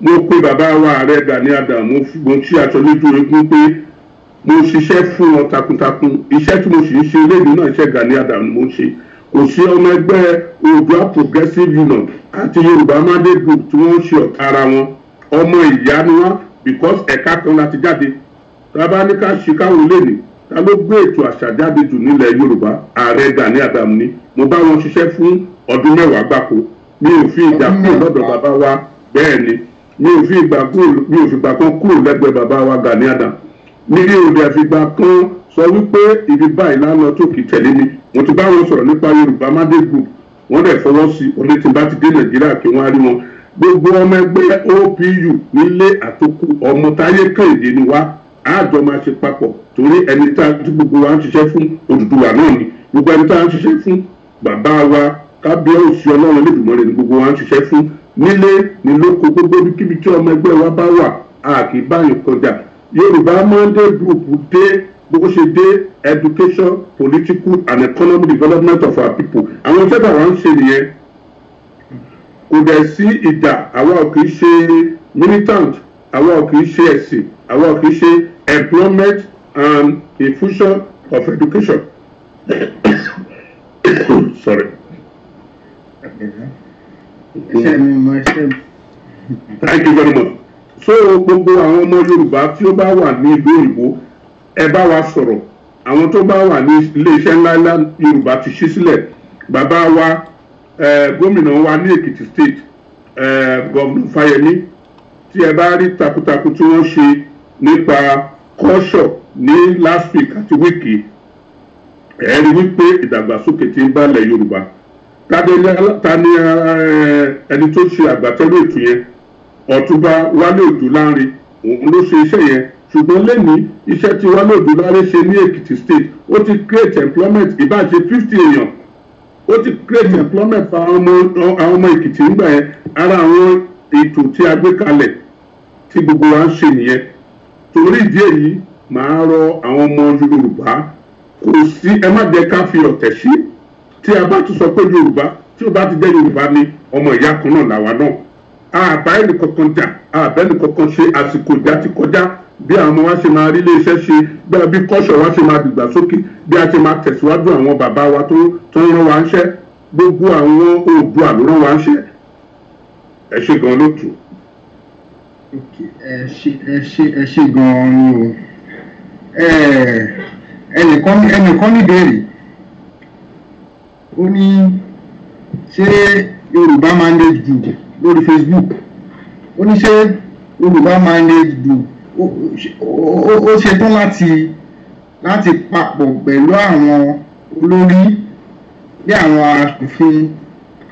mo pe bàbá wa ààrẹ Gani Adams mo ṣí aṣọ nítorí pé pé mo ṣiṣẹ́ fún wọn takuntakun iṣẹ́ tí mo sì ń ṣe lẹ́nu náà iṣẹ́ Gani Adams mo ń ṣe kò sí ọmọ ẹgbẹ́ Oòduà Progressive Union àti Yorùbá Mande Group tí wọ́n ń ṣe ọ̀tá ara wọn ọmọ ìyá ni wọ́n because ẹ̀ka kan láti jáde tábà ní ká ṣe káwọn lè ní ta ló gbé ètò àṣà jáde jù nílẹ̀ Yorùbá ààrẹ Gani Adams ni mo bá wọn ṣiṣẹ́ fún ọdún mẹ́wàá gbáko mi ò fi ìgbà kúrò lọ́dọ̀ bàbá wa bẹ́ẹ̀ ni mi ò fi ìgbà kúrò mi ò fi ìgbà kan kúrò lẹ́gbẹ̀ẹ́ bàbá wa Gani Adam níbi òde àfìgbà kan sọ wípé ibi báyìí lánàá tó kì í tẹ̀lé mi mo ti bá wọn sọ̀rọ̀ nípa Yorùbá Mádé group wọ́n dẹ̀ fọwọ́ sí ọdẹ tí n bá ti dé Nàìjíríà kí wọ́n á rí wọn gbogbo ọmọ ẹgbẹ́ OPU nílé àtòkù ọmọ táyé kẹ́hìndé ni wá àjọ máa ṣe papọ̀ torí ẹni tá a ti gbogbo wa ń ṣiṣẹ́ fún Odùduwà náà ni gbogbo ẹni tá a ń ṣiṣẹ́ fún bàbá wa kábíyèsí ọlọ́run lẹ́dùnmọ́rẹ́ ni gbogbo wa ń ṣiṣẹ́ fún nílé ní lóko gbogbo ibikíbi tí ọmọ ẹgbẹ́ wa bá wà a kì í báyìí kọjá yorùbá monday group dé bó ṣe dé education political and economic development of our people àwọn iṣẹ́ bàbá ń ṣe nìyẹn kò dẹ̀ sí ìjà àwa ò kì í ṣe militant àwa ò kì í ṣe ẹ̀sìn àwa ò kì í ṣe employment and infusion of education [COUGHS] sorry thank you very much so gbogbo àwọn ọmọ Yorùbá tí ó bá wà ní ìlú òyìnbó ẹ bá wa sọ̀rọ̀ àwọn tó bá wà ní iléeṣẹ́ ńláńlá Yorùbá ti ṣí sílẹ̀ bàbá wa gómìnà wa ní Èkìtì state gómìnà Fáyẹmí tí ẹ bá rí takuntakun tí wọ́n ṣe nípa culture ní last week àti wíìkì ẹ rí wípé ìdàgbàsókè ti ń bá ilẹ̀ Yorùbá ta tani eh, ẹni tó ṣe àgbàtọ́lù ètò yẹn ọ̀túnba wálé òdúlárin òun ló ṣe iṣẹ́ yẹn ṣùgbọ́n lẹ́nìí iṣẹ́ tí wálé òdúlárin ṣe ní èkìtì state ó ti create employment ìbáṣe fifty èèyàn ó ti create employment for àwọn ọmọ èkìtì ńgbà yẹn ara àwọn ètò tí a gbé kalẹ̀ tí gbogbo wa ń ṣe nìyẹn torí ìdí èyí màá rọ àwọn ọmọ yorùbá kò sí ẹ má jẹ́ ká fi ọ̀tẹ̀ sí tí a bá tún sọ pé yorùbá tí o bá ti jẹ́ yorùbá ni ọmọ ìyá kan náà làwa náà àbá ẹnì kankan jà àbá ẹnì kankan ṣe àsìkò ìjà ti kọjá bí àwọn ọmọ wa ṣe máa rí iléeṣẹ́ ṣe bí abí kọ́ṣọ̀ wa ṣe máa dìgbà sókè bí a ṣe máa tẹ̀síwájú àwọn bàbá wa tó tó ń rán wa ń ṣẹ́ gbogbo àwọn oòdùà ló rán wa ń ṣẹ́ ẹ ṣe gan lótú. ẹ ṣe ẹ ṣe ẹ ṣe gan-an ni o ẹnìkan ní ẹnìkan ní ó ní ṣé Yorùbá manage do lórí Facebook ó ní ṣé Yorùbá manage do ó ṣetán láti láti papọ̀ pẹ̀lú àwọn olórí bí àwọn aṣòfin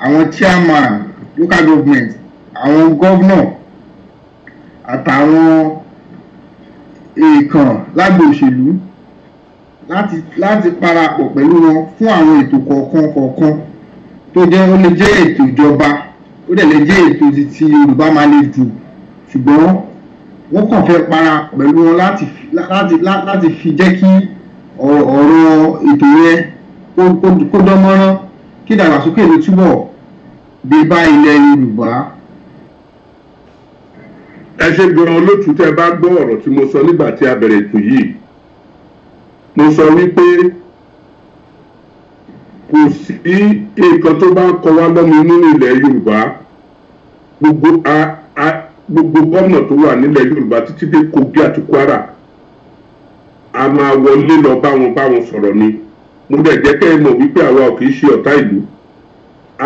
àwọn chairman local government àwọn governor àtàwọn èèkàn lágbo òṣèlú láti láti parapọ̀ pẹ̀lú wọn fún àwọn ètò kọ̀ọ̀kan kọ̀ọ̀kan tó jẹ́ ó lè jẹ́ ètò ìjọba ó dẹ̀ lè jẹ́ ètò ti Yorùbá máa le jù ṣùgbọ́n wọ́n kàn fẹ́ para pẹ̀lú wọn láti láti láti fi jẹ́ kí ọ̀rọ̀ ètò yẹn kó dánmọ́rán kí ìdàgbàsókè lè túbọ̀ dé bá ilẹ̀ Yorùbá. ẹ ṣe gan-an lótú tẹ́ bá gbọ́ ọ̀rọ̀ tí mo sọ nígbà tí a bẹ̀rẹ̀ ètò yìí mo sọ wípé kò sí nǹkan tó bá kọ wá lọ́mọ nínú ilẹ̀ Yorùbá gbogbo a a gbogbo gómìnà tó wà nílẹ̀ Yorùbá títí dé Kogi àti Kwara a máa wọlé lọ bá wọn bá wọn sọ̀rọ̀ ni mo dẹ̀ jẹ́ kẹ́ ẹ mọ̀ wípé àwa ò kì í ṣe ọ̀tá ìlú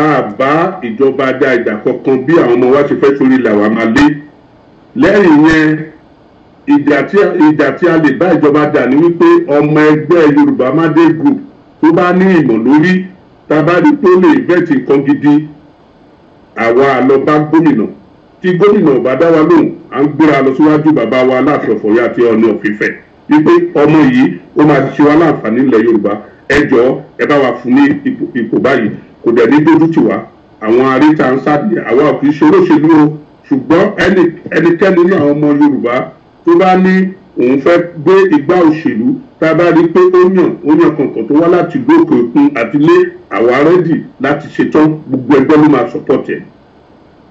a bá ìjọba dá ìjà kankan bí àwọn ọmọ wa ti fẹ́ torí làwa máa lé lẹ́yìn yẹn ìjà tí a lè bá ìjọba jà ni wípé ọmọ ẹgbẹ́ Yorùbá Mádé Group tó bá ní ìmọ̀ lórí tá a bá rí pé ó lè vẹ́ẹ̀tì nǹkan gidi àwa lọ bá gómìnà tí gómìnà ò dá wa lóhùn à ń gbéra lọ síwájú bàbá wa Aláàfin Ọ̀fọ̀ Ọ̀yọ́ àti Ọọ̀ni of Ifẹ̀ wípé ọmọ yìí ó máa ṣe wá láǹfààní ilẹ̀ Yorùbá ẹ jọ̀ọ́ ẹ bá wa fún ní ipò báyìí kò dẹ̀ ní dójú tì wá àwọn aríta ń sáàdì àwa ò ṣe olóṣèlú o ṣùgbọ́n ẹnikẹ́ni ní àwọn ọmọ Yorùbá tó bá ní òun fẹ́ gbé igbá òṣèlú tá a bá rí i pé ó yàn ó yàn kankan tó wá láti ìlú òkè òkun àti ilé àwa rẹ́dì láti ṣetán gbogbo ẹgbẹ́ ló máa support ẹ̀.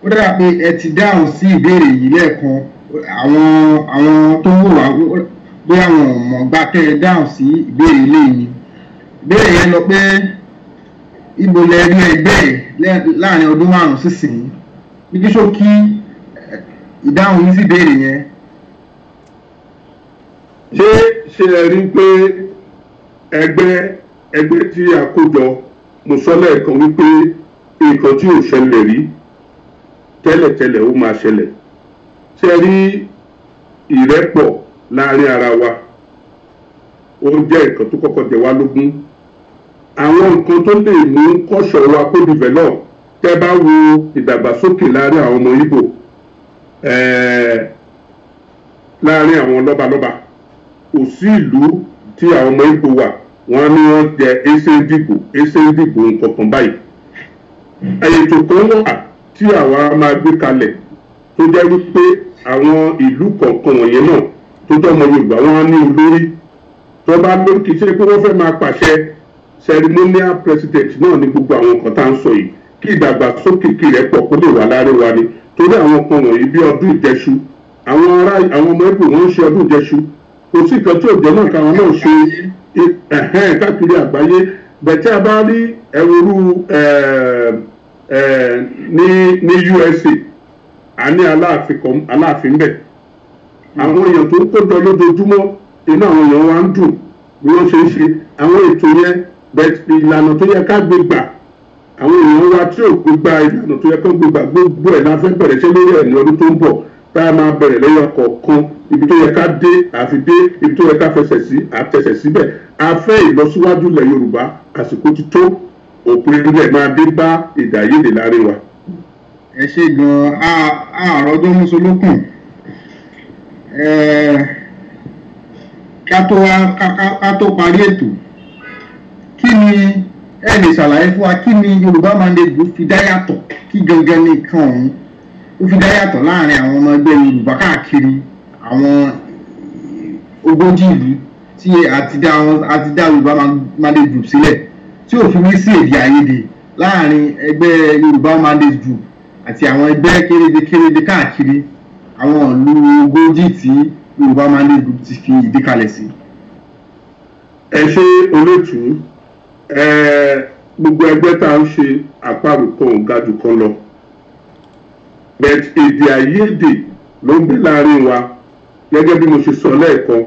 ó dà pé ẹ ti dáhùn sí ìbéèrè yìí lẹ́ẹ̀kan àwọn àwọn tó wò wá bí àwọn ọmọ gbà tẹ ẹ dáhùn sí ìbéèrè ilé yìí ìbéèrè yẹn lọ pé ibo lẹ rí ẹgbẹ́ ẹ láàrin ọdún márùn-ún sísìn yìí bí kí ṣó kí ìdáhùn yìí sì béèrè yẹn ṣé ṣe ẹ rí pé ẹgbẹ́ ẹgbẹ́ tí a kó jọ mo sọ lẹ́ẹ̀kan wípé nǹkan tí ò ṣẹlẹ̀ rí tẹ́lẹ̀tẹ́lẹ̀ ó máa ṣẹlẹ̀ ṣe rí ìrẹ́pọ̀ láàrin ara wa ó jẹ́ nǹkan tó kọ́kọ́ jẹ wá lógún àwọn nǹkan tó lè mú kọ́ṣọ̀ wa kó develop tẹ́ bá wo ìdàgbàsókè láàrin àwọn ọmọ Ìgbò eh, láàrin àwọn lọ́balọ́ba kò sí ìlú tí àwọn ọmọ Ìgbò wà wọn ni wọn jẹ ẹsẹ ń dìbò ẹsẹ ń dìbò nǹkan kan báyìí ètò kan wà tí àwa máa gbé kalẹ̀ tó jẹ́ wípé àwọn ìlú kọ̀ọ̀kan wọ̀nyẹn náà tó jẹ́ ọmọ Yorùbá wọn á ní olórí tó bá lórí kì í ṣe pé wọ́n fẹ́ máa pàṣẹ ceremonial president náà ní gbogbo àwọn nǹkan tá à ń sọ yìí kí ìdàgbàsókè kí rẹ̀ pọ̀ kó lè wà láàrin wa ni torí àwọn kan wọ̀nyí bí ọdún ìjẹṣu àwọn ará àwọn ọmọ Ìgbò wọn ń ṣe ọdún ìjẹṣu kò sí ìkan tí ò jẹ́ mọ́ nǹkan àwọn náà ṣe káàkiri àgbáyé bẹ̀tẹ́ a bá rí ẹ̀rú eh, eh, ní ní USA a ní aláàfin kan aláàfin bẹ̀ àwọn èèyàn tó ń kójọ lójoojúmọ́ inú àwọn èèyàn wa ń dùn bí wọ́n ṣe ń ṣe àwọn ètò yẹn bẹ̀tẹ̀ ìlànà tó yẹ ká gbé gbà àwọn èèyàn wa tí ò gbé gbà ìlànà tó yẹ ká gbé gbà gbogbo ẹ̀ la fẹ́ bẹ̀rẹ̀ ṣẹ́ lórí ẹ̀ ní ọdún tó ń bọ̀ tá a máa bẹ̀rẹ̀ lẹ́yọ kọ̀ọ̀kan ibi tó yẹ ká dé àfi dé ibi tó yẹ ká fẹsẹ̀ sí àtẹsẹ̀ síbẹ̀ a fẹ́ ìlọsíwájú ilẹ̀ Yorùbá àsìkò ti tó òpin rẹ̀ máa dé bá ìdàyédè láàrin wa. ẹ ṣe gan-an àárọ̀ ọjọ́ mùsùlùkùn ká tó parí ètò kí ni ẹ lè ṣàlàyé fún wa kí ni Yorùbá Mandate Group fi dá yàtọ̀ kí gangan nìkan ọ̀hún ó fi dá yàtọ̀ láàrin àwọn ọmọ ẹgbẹ́ Yorùbá káàkiri àwọn ogójì ìlú tí a ti dá a ti dá Yorùbá Mandate Group sílẹ̀ tí ò fi ní sí èdè àìyedè láàrin ẹgbẹ́ Yorùbá Mandate Group àti àwọn ẹgbẹ́ kéréje kéréje káàkiri àwọn ìlú ogójì tí Yorùbá Mandate Group ti fi ìdí kalẹ̀ sí. ẹ ṣe olóòtú ẹ gbogbo ẹgbẹ́ tá à ń ṣe àparò kan ò ga jù kan lọ but èdè àìyedè ló ń bẹ láàrin wa gẹ́gẹ́ bí mo ṣe sọ lẹ́ẹ̀kan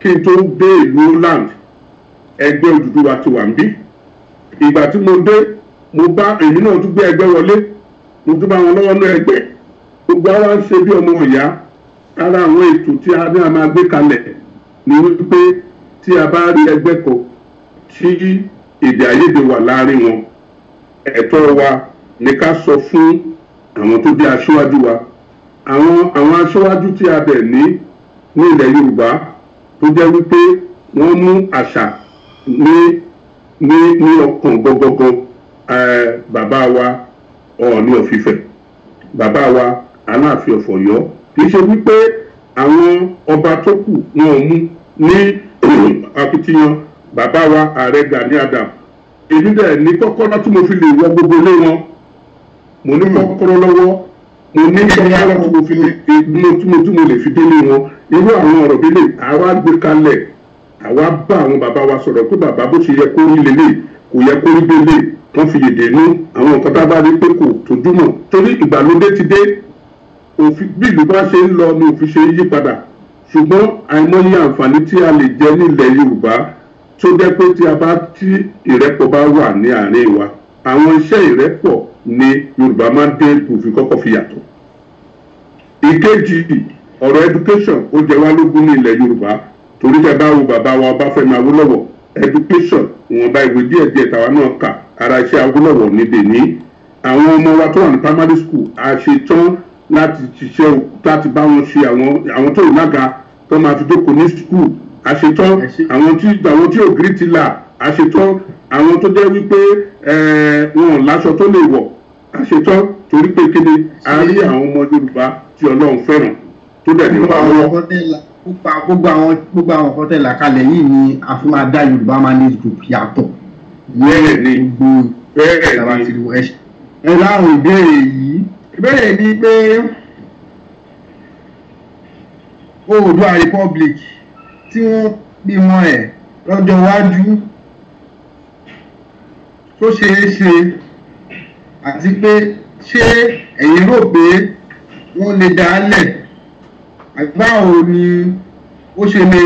kí n tó dé ìlú Holland ẹgbẹ́ Odùduwà ti wà ń bí ìgbà tí mo dé mo bá èmi náà tún gbé ẹgbẹ́ wọlé mo tún bá wọn lọ́wọ́ ní ẹgbẹ́ gbogbo àwa ń ṣe bí ọmọ ọ̀yá ara àwọn ètò tí a ní a máa gbé kalẹ̀ ni wípé tí a bá rí ẹgbẹ́ kan tí èdè àìyedè wà láàrin wọn ẹ̀tọ́ wa ni ká sọ fún àwọn tó jẹ́ aṣíwájú wa àwọn àwọn aṣáájú tí a bẹ̀ ní ní ilẹ̀ Yorùbá tó jẹ́ wípé wọ́n mú àṣà ní ní ní ọkàn gbọgbọgbọ eh, bàbá wa Ọọ̀ni of Ifẹ̀ bàbá wa Aláàfin of Ọ̀yọ́ kì í ṣe wípé àwọn ọba tó kù wọn ò mú ní [CLEARS THROAT] akitiyan bàbá wa ààrẹ Gani Adam èmi dẹ̀ ní kọ́kọ́rọ́ tí mo fi lè wọ gbogbo ilé wọn mo ní kọ́kọ́rọ́ lọ́wọ́ mo ní sọ́kàlà tí mo fi lè tí mo tí mo lè fi délé wọn irú àwọn ọ̀rọ̀ délé àwa gbé kalẹ̀ àwa bá àwọn bàbá wa sọ̀rọ̀ pé bàbá bó ṣe yẹ kó rí lélẹ̀ kò yẹ kó rí délé wọ́n fi yèdè ní àwọn nǹkan tá a bá rí pé kò tójúmọ̀ torí ìgbàlódé ti dé òfin bí ìlú bá ṣe ń lọ ni òfin ṣe ń yí padà ṣùgbọ́n àìmọye àǹfààní tí a lè jẹ nílẹ̀ Yorùbá tó jẹ́ pé tí a bá tí ìrẹ́pọ̀ bá wà ní àárín wa àwọn iṣẹ́ ìrẹ́pọ̀ ni yorùbá máa ń dé òfin kọ́kọ́ fi yàtọ̀ ìkejì ọ̀rọ̀ education ó jẹ wá lógún ní ilẹ̀ yorùbá torí tẹ bá wo bàbá wa ọbáfẹ́mi awólọ́wọ̀ education ìwọ̀nba ìwé díẹ̀ díẹ̀ tàwa náà kà ara iṣẹ́ awólọ́wọ̀ níbẹ̀ ní àwọn ọmọ wa tó wà ní primary school àṣetán láti ṣiṣẹ́ láti bá wọn ṣe àwọn tó lága tó máa fi jókòó ní school àṣetán àwọn tí àwọn tí ti là àṣetán àwọn tó jẹ́ wípé wọn ò láṣọ tó lè wọ̀ àṣetán torí pé kéde a rí àwọn ọmọ Yorùbá tí Ọlọ́run fẹ́ràn tó dẹ̀ ní wọn wọ. gbogbo àwọn gbogbo àwọn ọkọ tẹ̀lé àkàlẹ̀ yìí ni a fún máa dá Yorùbá manage group yàtọ̀. bẹ́ẹ̀ ni bẹ́ẹ̀ ni ẹ láwọn ìbéèrè yìí ìbéèrè ni pé Oòduà Republic tí wọ́n bímọ ẹ̀ lọ́jọ́ iwájú tó ṣeé ṣe àti pé ṣé ẹ̀yin rò pé wọ́n lè dá lẹ̀ àgbáwo ni ó ṣe lè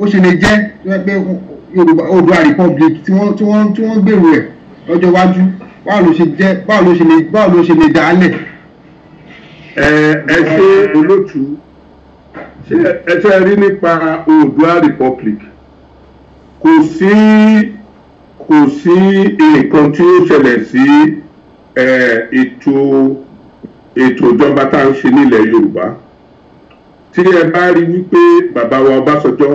ó ṣe lè jẹ́ pé Yorùbá Republic tí wọ́n tí wọ́n tí wọ́n gbèrò ẹ̀ lọ́jọ́ iwájú báwo ló ṣe jẹ́ báwo ló ṣe lè báwo ló ṣe lè dá lẹ̀. ẹ ẹ ṣe olótú ṣe ẹ ṣe rí nípa Oòduà Republic kò sí kò sí nǹkan tí ó ṣẹlẹ̀ sí ètò ètò ìjọba tá à ń ṣe nílẹ̀ Yorùbá tí ẹ bá rí wípé bàbá wa Ọbásanjọ́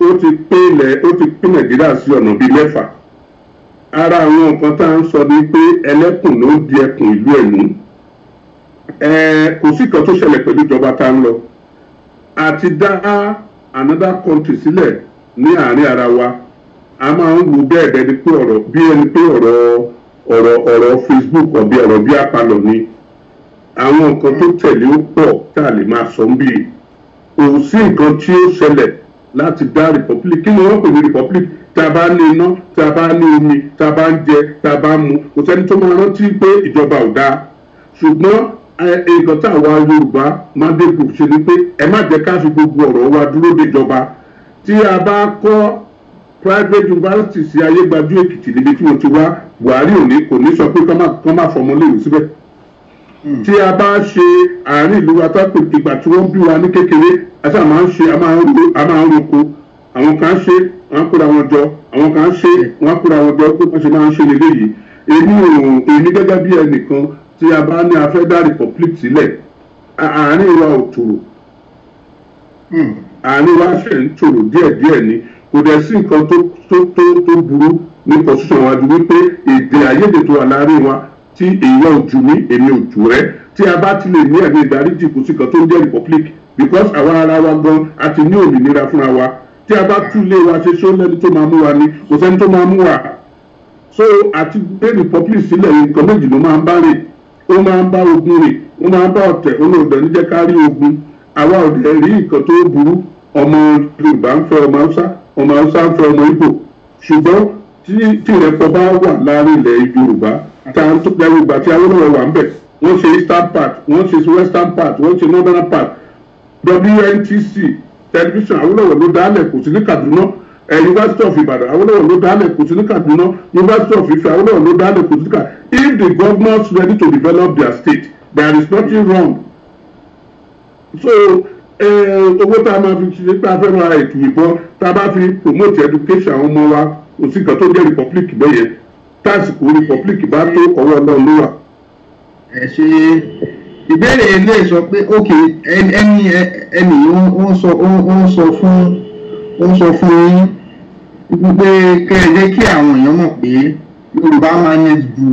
ó ti pínlẹ̀ ó ti pín Nàìjíríà sí ọ̀nà bíi mẹ́fà ara àwọn nǹkan tá à ń sọ ni pé ẹlẹ́kùn ló ń di ẹkùn ìlú ẹ̀ mú kò sí kan tó ṣẹlẹ̀ pẹ̀lú ìjọba tá à ń lọ àti dá another country sílẹ̀ ní àárín ara wa a máa ń wo bẹ́ẹ̀ bẹ́ẹ̀ ni pé ọ̀rọ̀ bí ẹni pé ọ̀rọ̀ ọ̀rọ̀ ọ̀rọ̀ Facebook ọ̀bí ọ̀rọ̀ bí apalọ̀ ni àwọn nǹkan tó tẹ̀lé ó pọ̀ tá a lè máa sọ ń bì kò sí nǹkan tí ó ṣẹlẹ̀ láti dá republic kí ni wọ́n pè ní republic tá a bá ní iná tá a bá ní omi tá a bá ń jẹ tá a bá ń mu kò sẹ́ni tó máa rántí pé ìjọba ò dáa ṣùgbọ́n nǹkan tá àwa Yorùbá máa dẹ́kun ṣe ni pé ẹ má jẹ́ ká fi gbogbo ọ̀rọ̀ wa dúró déjọba tí a bá kọ́ private university sí ayégbájú èkìtì níbi tí mo ti wá buhari òní kò ní sọ pé kán má fọmọ léwu síbẹ̀ hmm. tí a bá ṣe àárín ìlú wa tó pè ìgbà tí wọ́n bí wa ní kékeré àti àmà ń ṣe àmà ń ro àmà ń roko àwọn kan ṣe wọ́n kóra wọn jọ àwọn kan ṣe wọ́n kóra wọn jọ pé wọ́n ṣe máa ń ṣe nílé yìí èmi ò èmi gẹ́gẹ́ bí ẹnìkan tí a bá ní a fẹ́ dá republic sílẹ̀ àárín wa ò tòrò hmm. àárín wa ṣe ń tòrò díẹ̀díẹ̀ ni kò dẹ̀ sí nǹkan tó tó tó tó burú ní constitution wa ju wípé èdè àìyedè tó wà láàrin wa tí èyí ò jù mí èmi ò jù rẹ tí a bá ti lè ní ẹ̀mí ìdáríjì kò sí kan tó ń jẹ́ republic because àwa ara wa gan a ti ní òmìnira fúnra wa tí a bá túlé wa ṣe ṣó lẹ́ni tó máa mú wa ni kò sẹ́ni tó máa mú wa so àti gbé republic sílẹ̀ nǹkan méjì ló máa ń bá rè ó máa ń bá ogun rè ó máa ń bá ọ̀tẹ̀ olóògbé níjẹ́ ká rí ogun àwa ò dẹ̀ rí nǹkan tó burú ọmọ Yorùbá ń fẹ́ ọmọ Haúsá wọ́n máa ń sá fún ọmọ Ìgbò ṣùgbọ́n tí ìrẹ́pọ̀ bá wà láàrin ilẹ̀ Yorùbá tá a tún lẹ́yìn ìgbà tí Awólọ́wọ̀ wà ń bẹ̀ wọ́n ṣe eastern part wọ́n ṣe western part wọ́n ṣe northern part WNTC tẹlifíṣàn Awólọ́wọ̀ ló dálẹ̀ kò sí ní Kaduna ẹ University of Ibadan Awólọ́wọ̀ ló dálẹ̀ kò sí ní Kaduna University of Ife Awólọ́wọ̀ ló dálẹ̀ kò sí ní Kaduna if the government ready to develop their state there is nothing wrong so owó tá a máa fi ṣe pé a fẹ́ máa ètò ìbọn tá a bá fi promote education àwọn ọmọ wa kò sí nǹkan tó jẹ́ republic bẹ́yẹn tásìkò republic bá tó ọwọ́ náà ló wà. ẹ ṣe ìbéèrè ilé sọ pé ok ẹni ẹni ó ń sọ ó ń sọ fún ó ń sọ fún yín pé kẹ́ ẹ jẹ́ kí àwọn èèyàn mọ̀ pé yorùbá máa ń ju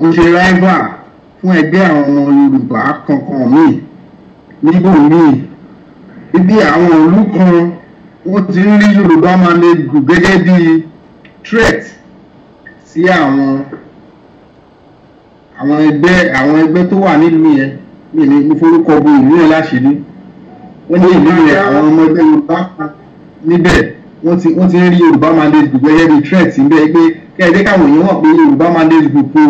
òun ṣe rival fún ẹgbẹ́ àwọn ọmọ yorùbá kankan míì níbò míì ibi àwọn òlú kan ó ti ń rí Yorùbá máa lè gùn gẹ́gẹ́ bí threat sí àwọn àwọn ẹgbẹ́ àwọn ẹgbẹ́ tó wà nílùú yẹn mi ní mo forúkọ bo ìlú yẹn láṣìírí wọ́n ní ìlú yẹn àwọn ọmọ ẹgbẹ́ Yorùbá níbẹ̀ wọ́n ti wọ́n ti ń rí Yorùbá máa lè gùn gẹ́gẹ́ bí threat níbẹ̀ pé kẹ́ẹ̀dẹ́ káwọn èèyàn wọ̀ pé Yorùbá máa lè gùn kó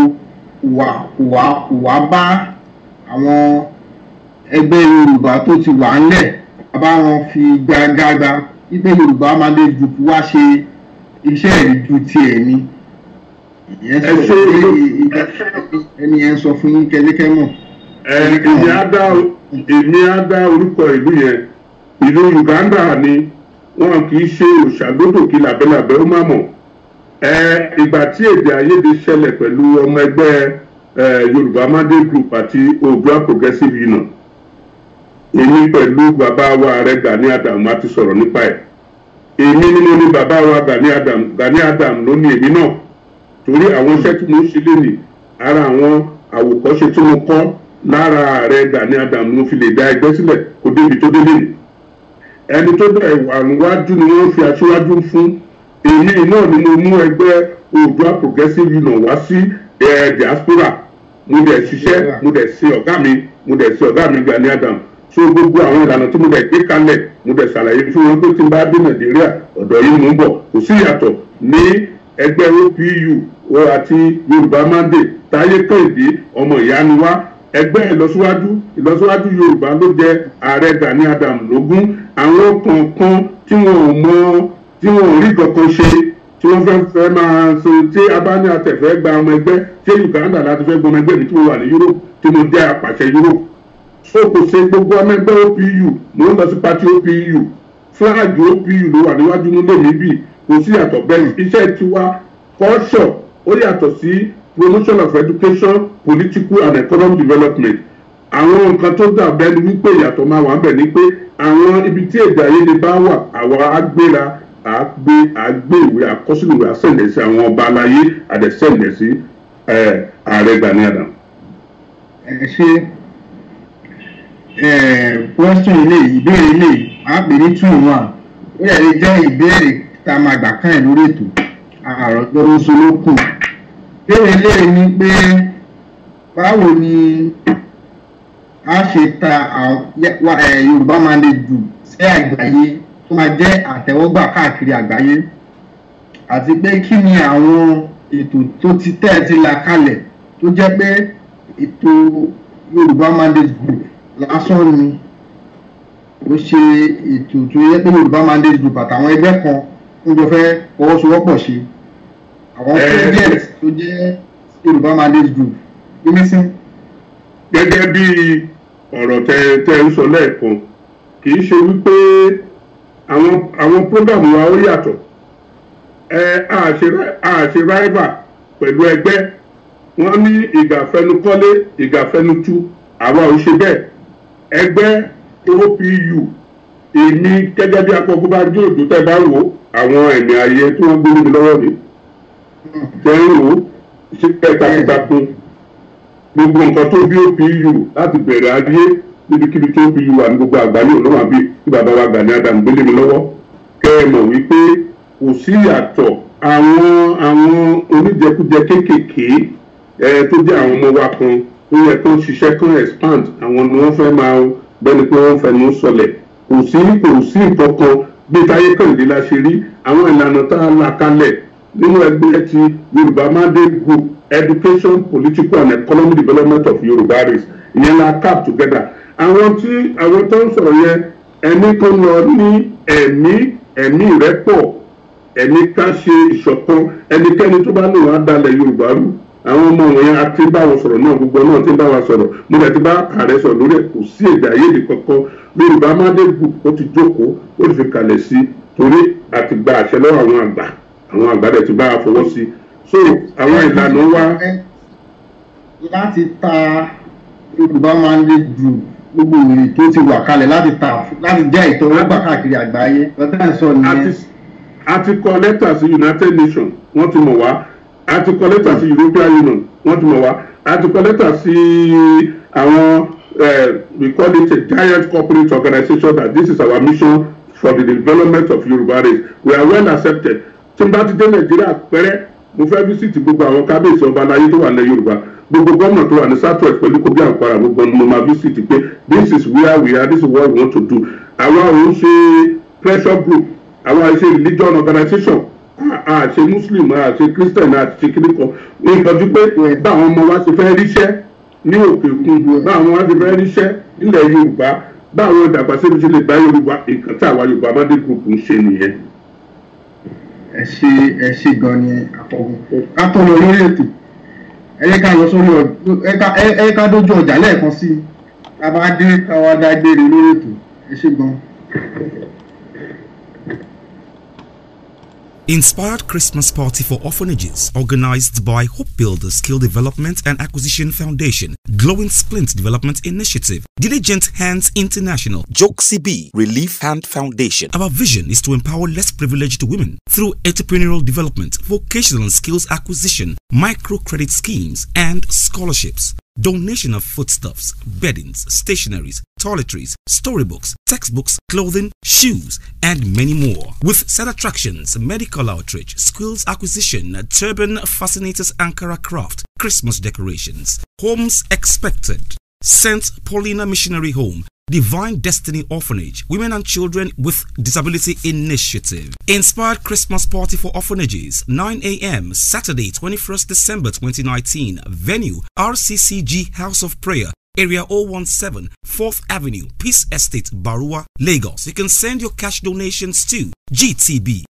wà wà wà bá àwọn ẹgbẹ́ Yorùbá tó ti wà ńlẹ̀ a bá wọn fi gbangágba wípé Yorùbá máa lè ju tiwa ṣe iṣẹ́ ẹ̀ ju tiẹ̀ ni ẹni yẹn sọ fún yín kẹlẹ́kẹ́ mọ̀. èmi á dá èmi á dá orúkọ ìlú yẹn ìlú Uganda ni wọn kì í ṣe òṣàgbódòkì làbẹ́làbẹ́ ó má mọ̀ ìgbà tí èdè àìyedè ṣẹlẹ̀ pẹ̀lú ọmọ ẹgbẹ́ Yorùbá Mandate Group àti Oòduà Progressive Union èmi pẹ̀lú bàbá wa ààrẹ Gani Adams a ti sọ̀rọ̀ nípa ẹ̀ èmi ni mo ní bàbá wa Gani Adams Gani Adams ló ní èmi náà torí àwọn iṣẹ́ tí mo ń ṣe lénìí ara àwọn àwòkọ́ṣe tí mo kọ́ lára ààrẹ Gani Adams mo fi lè dá ẹgbẹ́ sílẹ̀ kó débi tó dé lénìí ẹni tó bẹ̀rẹ̀ àrùnwájú ni wọ́n fi aṣíwájú fún èmi náà ni mo mú ẹgbẹ́ Oòduà Progressive Union wá sí eh, diaspora mo dẹ̀ ṣiṣẹ́ mo dẹ̀ ṣe ọ̀gá mi mo dẹ̀ ṣe ọ̀gá mi Gani Adams so gbogbo àwọn ìlànà tí mo dẹ̀ gbé kalẹ̀ mo dẹ̀ ṣàlàyé fún wọn pé tí n bá dé nàìjíríà ọ̀dọ̀ yìí mò ń bọ̀ kò sí ìyàtọ̀ ní ẹgbẹ́ opu àti yorùbá mande táyé kẹ́hìndé ọmọ ìyá ni wá ẹgbẹ́ ìlọsíwájú ìlọsíwájú yorùbá ló jẹ ààrẹ gani adam lógún àwọn kọ̀ọ̀kan tí wọn ò mọ tí wọn ò rí kankan ṣe tí wọ́n fẹ́ fẹ́ máa so tí a bá ní àtẹ̀fẹ́ gba ọmọ ẹgbẹ́ ṣé uganda láti fẹ́ gbọmọ ẹgbẹ́ mi tí mo wà ní europe tí mo jẹ́ apàṣẹ europe ó pèsè gbogbo ọmọ ẹgbẹ́ OPU ló ń lọ sí pati OPU fúláàgì OPU ló wà níwájú nílé mi bì kò sí yàtọ̀ bẹ́ẹ̀ iṣẹ́ tiwa culture ó yàtọ̀ sí promotion of education political and economic development àwọn nǹkan tó dà bẹ́ẹ̀ ni wípé ìyàtọ̀ máa wà ń bẹ̀ ni pé àwọn ibi tí èdè àìyedè bá wà àwa agbéra àgbé àgbé ìwé àkọsílẹ̀ ìwé àsẹ̀lẹ̀ sí àwọn ọba aláyé àdẹ̀sẹ̀lẹ̀ sí ààrẹ Gani Adams. ẹ ṣe question ilé ìbéèrè ilé a pè ní two in one ó yẹ lè jẹ́ ìbéèrè a máa gbà káyìn lórí ètò àròjọrò solókù ni báwo ni a ṣe ta Yorùbá máa le jù sí àgbáyé tó máa jẹ́ àtẹ̀wọ́gbà káàkiri àgbáyé àti pé kí ni àwọn ti ti là kalẹ̀ tó jẹ́ pé ètò Mandate Group lásán ni ó ṣe ètò tó yẹ pé Yorùbá Mandate Group àtàwọn ẹgbẹ́ kan ń jọ fẹ́ fọwọ́sowọ́pọ̀ ṣe àwọn president tó jẹ́ Yorùbá Mandate Group mímísí. gẹ́gẹ́ bí ọ̀rọ̀ tẹ tẹ ń sọ lẹ́ẹ̀kan kì í ṣe wípé àwọn àwọn program wa ó yàtọ̀ ẹ àṣe rival pẹ̀lú ẹgbẹ́ wọ́n ní ìgàfẹnukọ́lé ìgàfẹnutu àwa ò ṣe bẹ́ẹ̀ ẹgbẹ́ OPU èmi gẹ́gẹ́ bí akọkọbanjú òdò tẹ́ bá wò àwọn ẹ̀mí ayé tí wọ́n gbélé mi lọ́wọ́ mi tẹ́ ń wò ṣe ẹ̀gbàkúgbàkú gbogbo nǹkan tó bí OPU láti bẹ̀rẹ̀ ayé níbikíbi tí OPU wà ní gbogbo àgbáyé olóhùn àbí tí bàbá wa Gani Adams gbélé mi lọ́wọ́ kẹ́ ẹ mọ̀ wípé kò sí ìyàtọ̀ àwọn àwọn oníjẹkújẹ kéékèèké ẹ tó jẹ́ àwọn ọmọ wa kan ó yẹ kó ṣiṣẹ́ kó expand àwọn ni wọ́n fẹ́ máa bẹ́ni pé wọ́n fẹnu sọlẹ̀ kò sí kò sí nǹkan kan bí táyé kàndé la ṣe rí àwọn ìlànà tá a là kalẹ̀ nínú ẹgbẹ́ ti Yorùbá mandate group education political and economic development of Yorùbá race ìyẹn la cap together àwọn tí àwọn tó ń sọ̀rọ̀ yẹn ẹni kan lọ ní ẹ̀mí ẹ̀mí rẹ̀ pọ̀ ẹ̀mí ká ṣe ìṣọ̀kan ẹnikẹ́ni tó bá lò wá dalẹ̀ Yorùbá rú àwọn ọmọ wọ̀nyẹn a ti bá wọn sọ̀rọ̀ náà gbogbo náà ti bá wa sọ̀rọ̀ mo dẹ̀ ti bá ààrẹ sọ̀rọ̀ lórí ẹ̀ kò sí èdè àìyedè kankan yorùbá amadégù ó ti jókòó ó ti fi kalẹ̀ sí torí àti gba àṣẹ lọ́wọ́ àwọn àgbà àwọn àgbà dẹ̀ ti bá a fọwọ́ sí so àwọn ìlànà wa. láti ta yorùbá máa ń lé ju gbogbo ìrìn tó ti wà kalẹ̀ láti ta láti jẹ́ ìtọ́wọ́gbà káàkiri àgbáyé lọ́tẹ́ à a ti kọ lẹ́tà sí United Nations wọ́n ti mọ̀ wá a ti kọ lẹ́tà sí European Union wọ́n ti mọ̀ wá a ti kọ lẹ́tà sí àwọn eh, we call it a giant corporate organisation that this is our mission for the development of Yoruba race we are well accepted tí n bá ti dé Nàìjíríà pẹ́rẹ́ mo fẹ́ bísítì gbogbo àwọn kábíyèsí ọba aláyé tó wà ní Yorùbá gbogbo gómìnà tó wà ní southwest pẹ̀lú Kogi Anambra gbogbo ni mo máa bísítì pé this is where we are this is what we want to do àwa ò ń ṣe pressure group àwa ò ń ṣe religion organisation àṣe muslim àṣe christian àti kìnnì kan ìgbàjú pé báwọn ọmọ wa ṣe fẹ́ ríṣẹ́ ní òkè òkun báwọn wa ṣe fẹ́ ríṣẹ́ nílẹ̀ yorùbá báwọn ìdàgbàsókè ṣe lè bá yorùbá nǹkan tí àwa yorùbá amádé group ń ṣe nìyẹn. ẹ ṣe ẹ ṣe gan ni àtọ̀gùn àtọ̀nà lórí ètò ẹ̀yẹ́ ká lọ sórí ẹ̀yẹ́ ká dójú ọjà lẹ́ẹ̀kan sí i abáde káwá dágbére lórí ètò ẹ ṣe gan. Inspired Christmas Party for Orphanages, organized by Hope Builder Skill Development and Acquisition Foundation, Glowing Splint Development Initiative, Diligent Hands International, Joke CB, Relief Hand Foundation. Our vision is to empower less privileged women through entrepreneurial development, vocational skills acquisition, microcredit schemes, and scholarships. Donation of foodstuffs, beddings, stationaries, toiletries, storybooks, textbooks, clothing, shoes, and many more. With set attractions, medical outreach, skills acquisition, turban fascinators Ankara craft, Christmas decorations, homes expected. St. Paulina Missionary Home Divine Destiny Orphanage, Women and Children with Disability Initiative. Inspired Christmas Party for Orphanages, 9 a.m., Saturday, 21st December 2019. Venue, RCCG House of Prayer, Area 017, 4th Avenue, Peace Estate, Barua, Lagos. You can send your cash donations to GTB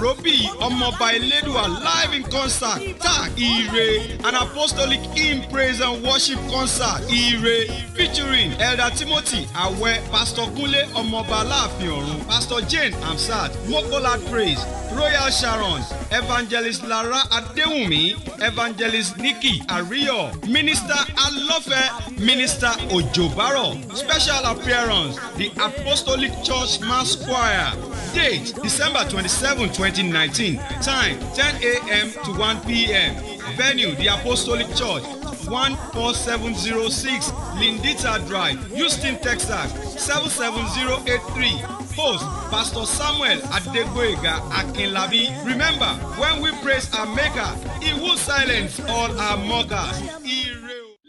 Robi Ọmọọba Elédùà live in concert Ta Ire an apostolic hymn praise and worship concert Ire featuring Elder Timothy Awe Pastor Kunle Ọmọọba Aláàfin Ọ̀run Pastor Jane Amsat Mokola praise Royal Sharon Evangelist Lara Adewumi Evangelist Nikki Ariyo Minister Alofe Minister Ojobaro special appearance the apostolic church mass choir date December twenty-seven 27, seven 2019. Time 10 a.m. to 1 p.m. Venue The Apostolic Church 14706 Lindita Drive, Houston, Texas 77083. Host Pastor Samuel Adegboyega Akinlabi. Remember, when we praise our Maker, He will silence all our mockers.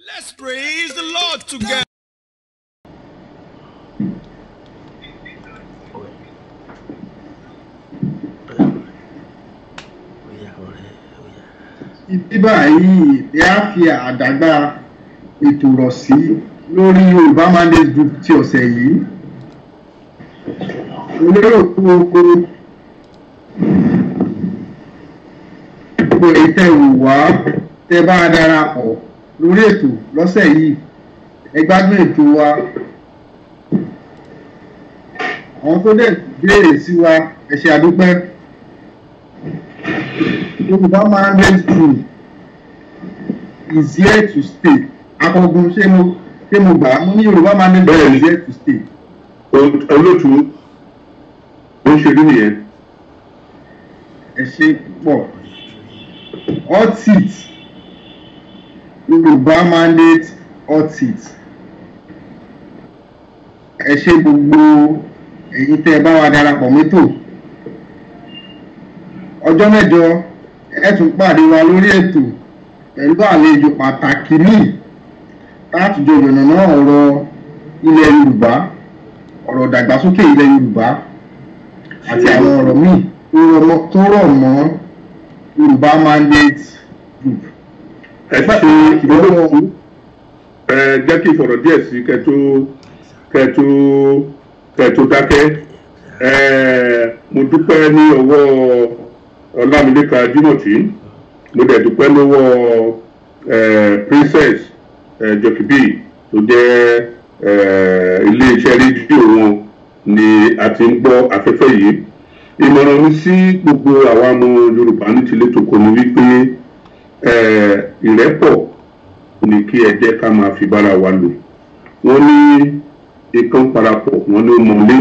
Let's praise the Lord together. ibi báyìí bí a fi àdágbà ètò rọ̀ sí lórí Yorùbá Mandate Group ti ọ̀sẹ̀ yìí olóró gbogbo gbogbo ètò ìwà tẹ bá a darapọ̀ lórí ètò lọ́sẹ̀ yìí ẹ gbádùn ètò wa àwọn tó dẹ̀ béèrè sí wa ẹ àdúpẹ́. Yorùbá marriage true is here to stay. Akọ̀gùn ṣé mo ṣé mo gbà á? Mo ní Yorùbá marriage true is here to stay. Olótú ó ń ṣerú nìyẹn. Ẹ ṣe pọ̀. Hot seat Yorùbá mandate hot seat. Ẹ ṣe gbogbo ẹ̀yin tẹ́ ẹ bá wa darapọ̀ mẹ́tò ọjọ́ mẹ́jọ ẹ tún pàdé wa lórí ètò pẹ̀lú àlejò pàtàkì míì láti jọ yànnàná ọ̀rọ̀ ilẹ̀ Yorùbá ọ̀rọ̀ ìdàgbàsókè ilẹ̀ Yorùbá àti àwọn ọ̀rọ̀ míì tó rọ̀ mọ́ Yorùbá Mandate Group. ẹ ṣe ìdánwò ẹ jẹ́ kí n sọ̀rọ̀ díẹ̀ sí kẹ́tó kẹ́tó kẹ́tó dákẹ́ mo dúpẹ́ ní ọwọ́ ọlámilékan adínàtì mo dẹ̀ dúpẹ́ lọ́wọ́ princess jokibi tó jẹ́ iléeṣẹ́ rédíò wọn ni a ti ń gbọ́ afẹ́fẹ́ yìí ìmọ̀ràn mi sí gbogbo àwa ọmọ yorùbá ní tilé tòkó ni wípé ìrẹ́pọ̀ ni kí ẹ jẹ́ ká máa fi bára wa lò wọ́n ní ikán parapọ̀ wọ́n ní ó mọ̀lé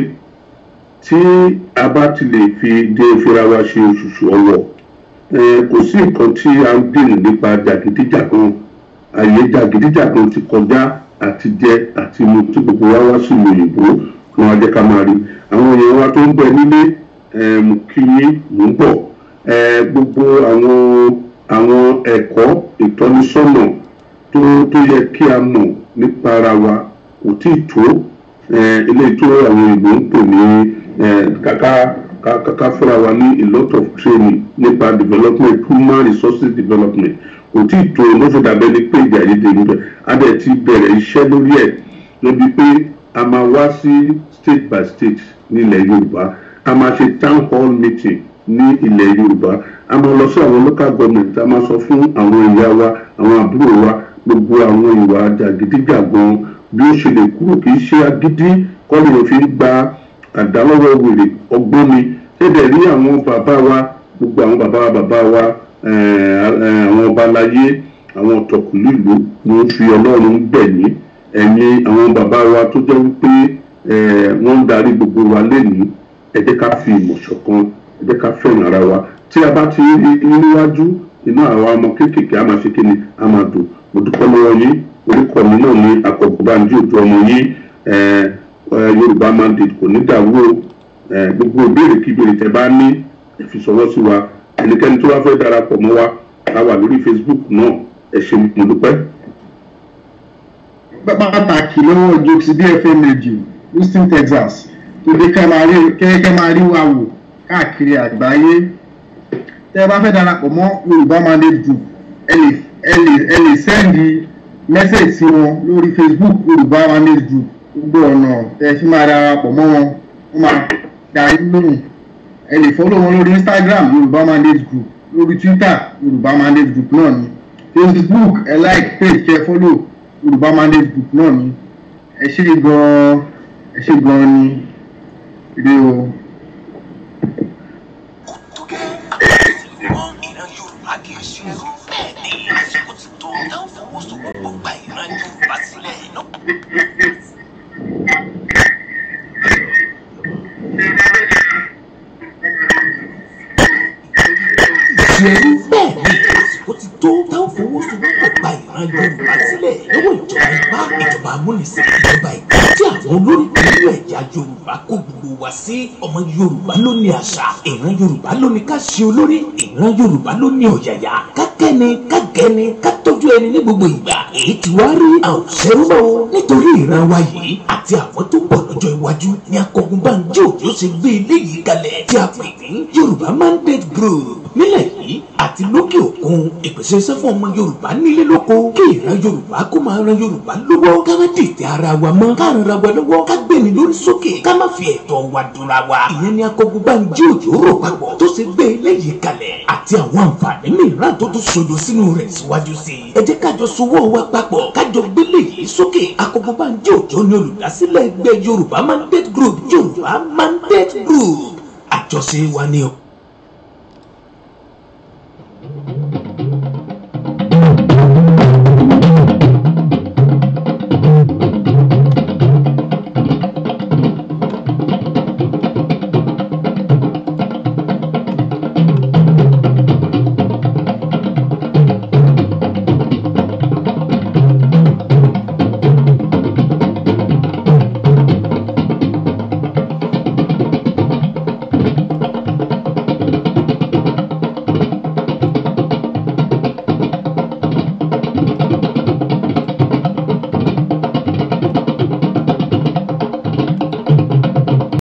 tí a bá ti lè fi dé fira wa ṣe òṣùṣù ọwọ́ kò sí nǹkan tí a ń dèrò nípa jàgídíjàgan àyè jàgídíjàgan ti kọjá àti jẹ àti mu tí gbogbo wa wá sí ìlú òyìnbó wọn á jẹ ká máa rí àwọn èèyàn wa tó ń bẹ nílé mo kí yín gbogbo àwọn àwọn ẹ̀kọ́ ìtọ́nisọ́nà tó tó yẹ kí a mọ̀ nípa ara wa kò tí ì tó eléyìí tó àwọn òyìnbó ń pè ní Kaka, eh, fúnra wa ní a lot of training nípa development human resources development kò tí ì tó ló fi dàbẹ́ ní pé ìjà yìí dé níbẹ̀ a dẹ̀ ti bẹ̀rẹ̀ iṣẹ́ lórí ẹ̀ lóbi pé a máa wá sí state by state nílẹ̀ Yorùbá a máa ṣe town hall meeting ní ilẹ̀ Yorùbá a máa lọ sí àwọn local government a máa sọ fún àwọn ìyá wa àwọn àbúrò wa gbogbo àwọn ìwà jàgídíjàgan bí ó ṣe lè kúrò kì í ṣe agídí kọ́ lè fi gba àdálọ́wọ́ wèrè ọgbọ́n ni ẹ̀dẹ̀ rí àwọn bàbá wa gbogbo àwọn bàbá bàbá wa àwọn ọba aláyé àwọn ọ̀tọ̀kùlú ìlú ni ó fi ọlọ́run bẹ̀ yín ẹ̀yin àwọn bàbá wa tó jẹ́ wípé wọ́n ń darí gbogbo wa lénìí ẹ ká fi ìmọ̀ ṣọ̀kan ẹ ká fẹ́ràn ara wa tí a bá ti níwájú inú àwa ọmọ kéékèèké a máa ṣe kí ni a máa dùn mo dúpẹ́ lọ́wọ́ yín orúkọ mi náà ni àkọ́gbọ́njú òjò ọmọ yín yorùbá mandate kò ní dàwó gbogbo ìbéèrè kíbèrè tẹ́ bá ní ẹ fi ṣọwọ́ sí wa ẹnikẹ́ni tó bá fẹ́ darapọ̀ mọ́ wa a wà lórí facebook náà ẹ ṣe mo dúpẹ́. pàtàkì lọ́wọ́ jokes bfm radio houston texas tó dé kẹ́kẹ́ máa rí wa wò káàkiri àgbáyé tẹ́ ẹ bá fẹ́ darapọ̀ mọ́ yorùbá mandate group ẹ lè ẹ lè ẹ lè sẹ́ndì mẹ́sẹ̀ẹ̀sì wọn lórí facebook yorùbá mandate group gbogbo ọ̀nà tẹ́ ẹ fi máa ra pọ̀ mọ́ wọn wọ́n máa dá yín lóhùn ẹ lè fọ́lọ́ wọn lórí Instagram Yorùbá Mandate Group lórí Twitter Yorùbá Mandate Group náà ni Facebook ẹ like page kẹ́ fọ́lọ́ Yorùbá Mandate Group náà ni ẹ ṣe gan-an ẹ ṣe gan-an ni ire o. Bẹ́ẹ̀ni, ó ti tó dáhùn fún wọ́n sọ gbogbo bẹ́ẹ̀ ó ti tó táwọn fọwọ́sowọ́pọ̀ gba ìran Yorùbá sílẹ̀ lọ́wọ́ ìjọba ipá ìjọba amúnisìn ìjọba ìgbà tí àwọn olórí nínú ẹ̀yà Yorùbá kó gbogbo wa sí ọmọ Yorùbá ló ní àṣà ìran Yorùbá ló ní ká ṣe olórí ìran Yorùbá ló ní ọ̀yàyà ká kẹ́ni ká gẹ́ni ká tọ́jú ẹni ní gbogbo ìgbà èyí ti wá rí àwòṣẹ́rúmọ́ nítorí ìran wa yìí àti àwọn tó pọ̀ lọ́jọ́ iwájú ni akọgun bá ṣe gbé eléyìí kalẹ̀ tí a pè ní Yorùbá mandate group nílẹ̀ yìí àti lókè òkun ìpèsè iṣẹ́ fún ọmọ yorùbá nílé lóko kí ìran yorùbá kó máa ran yorùbá lọ́wọ́ ká má dìtẹ̀ ara wa mọ́ ká ran ara wa lọ́wọ́ ká gbẹ̀mí lórí sókè ká má fi ẹ̀tọ́ wa dúnra wa ìyẹn ni akọgbọ́gbàǹjẹ́ òjò rò papọ̀ tó ṣe gbé eléyìí kalẹ̀ àti àwọn àǹfààní mìíràn tó tún sodo sínú rẹ̀ síwájú sí i ẹ jẹ́ kájọ sowọ́ wa papọ̀ kájọ gbélé yìí sókè akọgbọ́gbàǹjẹ́ òjò ni olùdásílẹ̀ ẹgbẹ́ mandate group yorùbá mandate group àjọṣe wa ni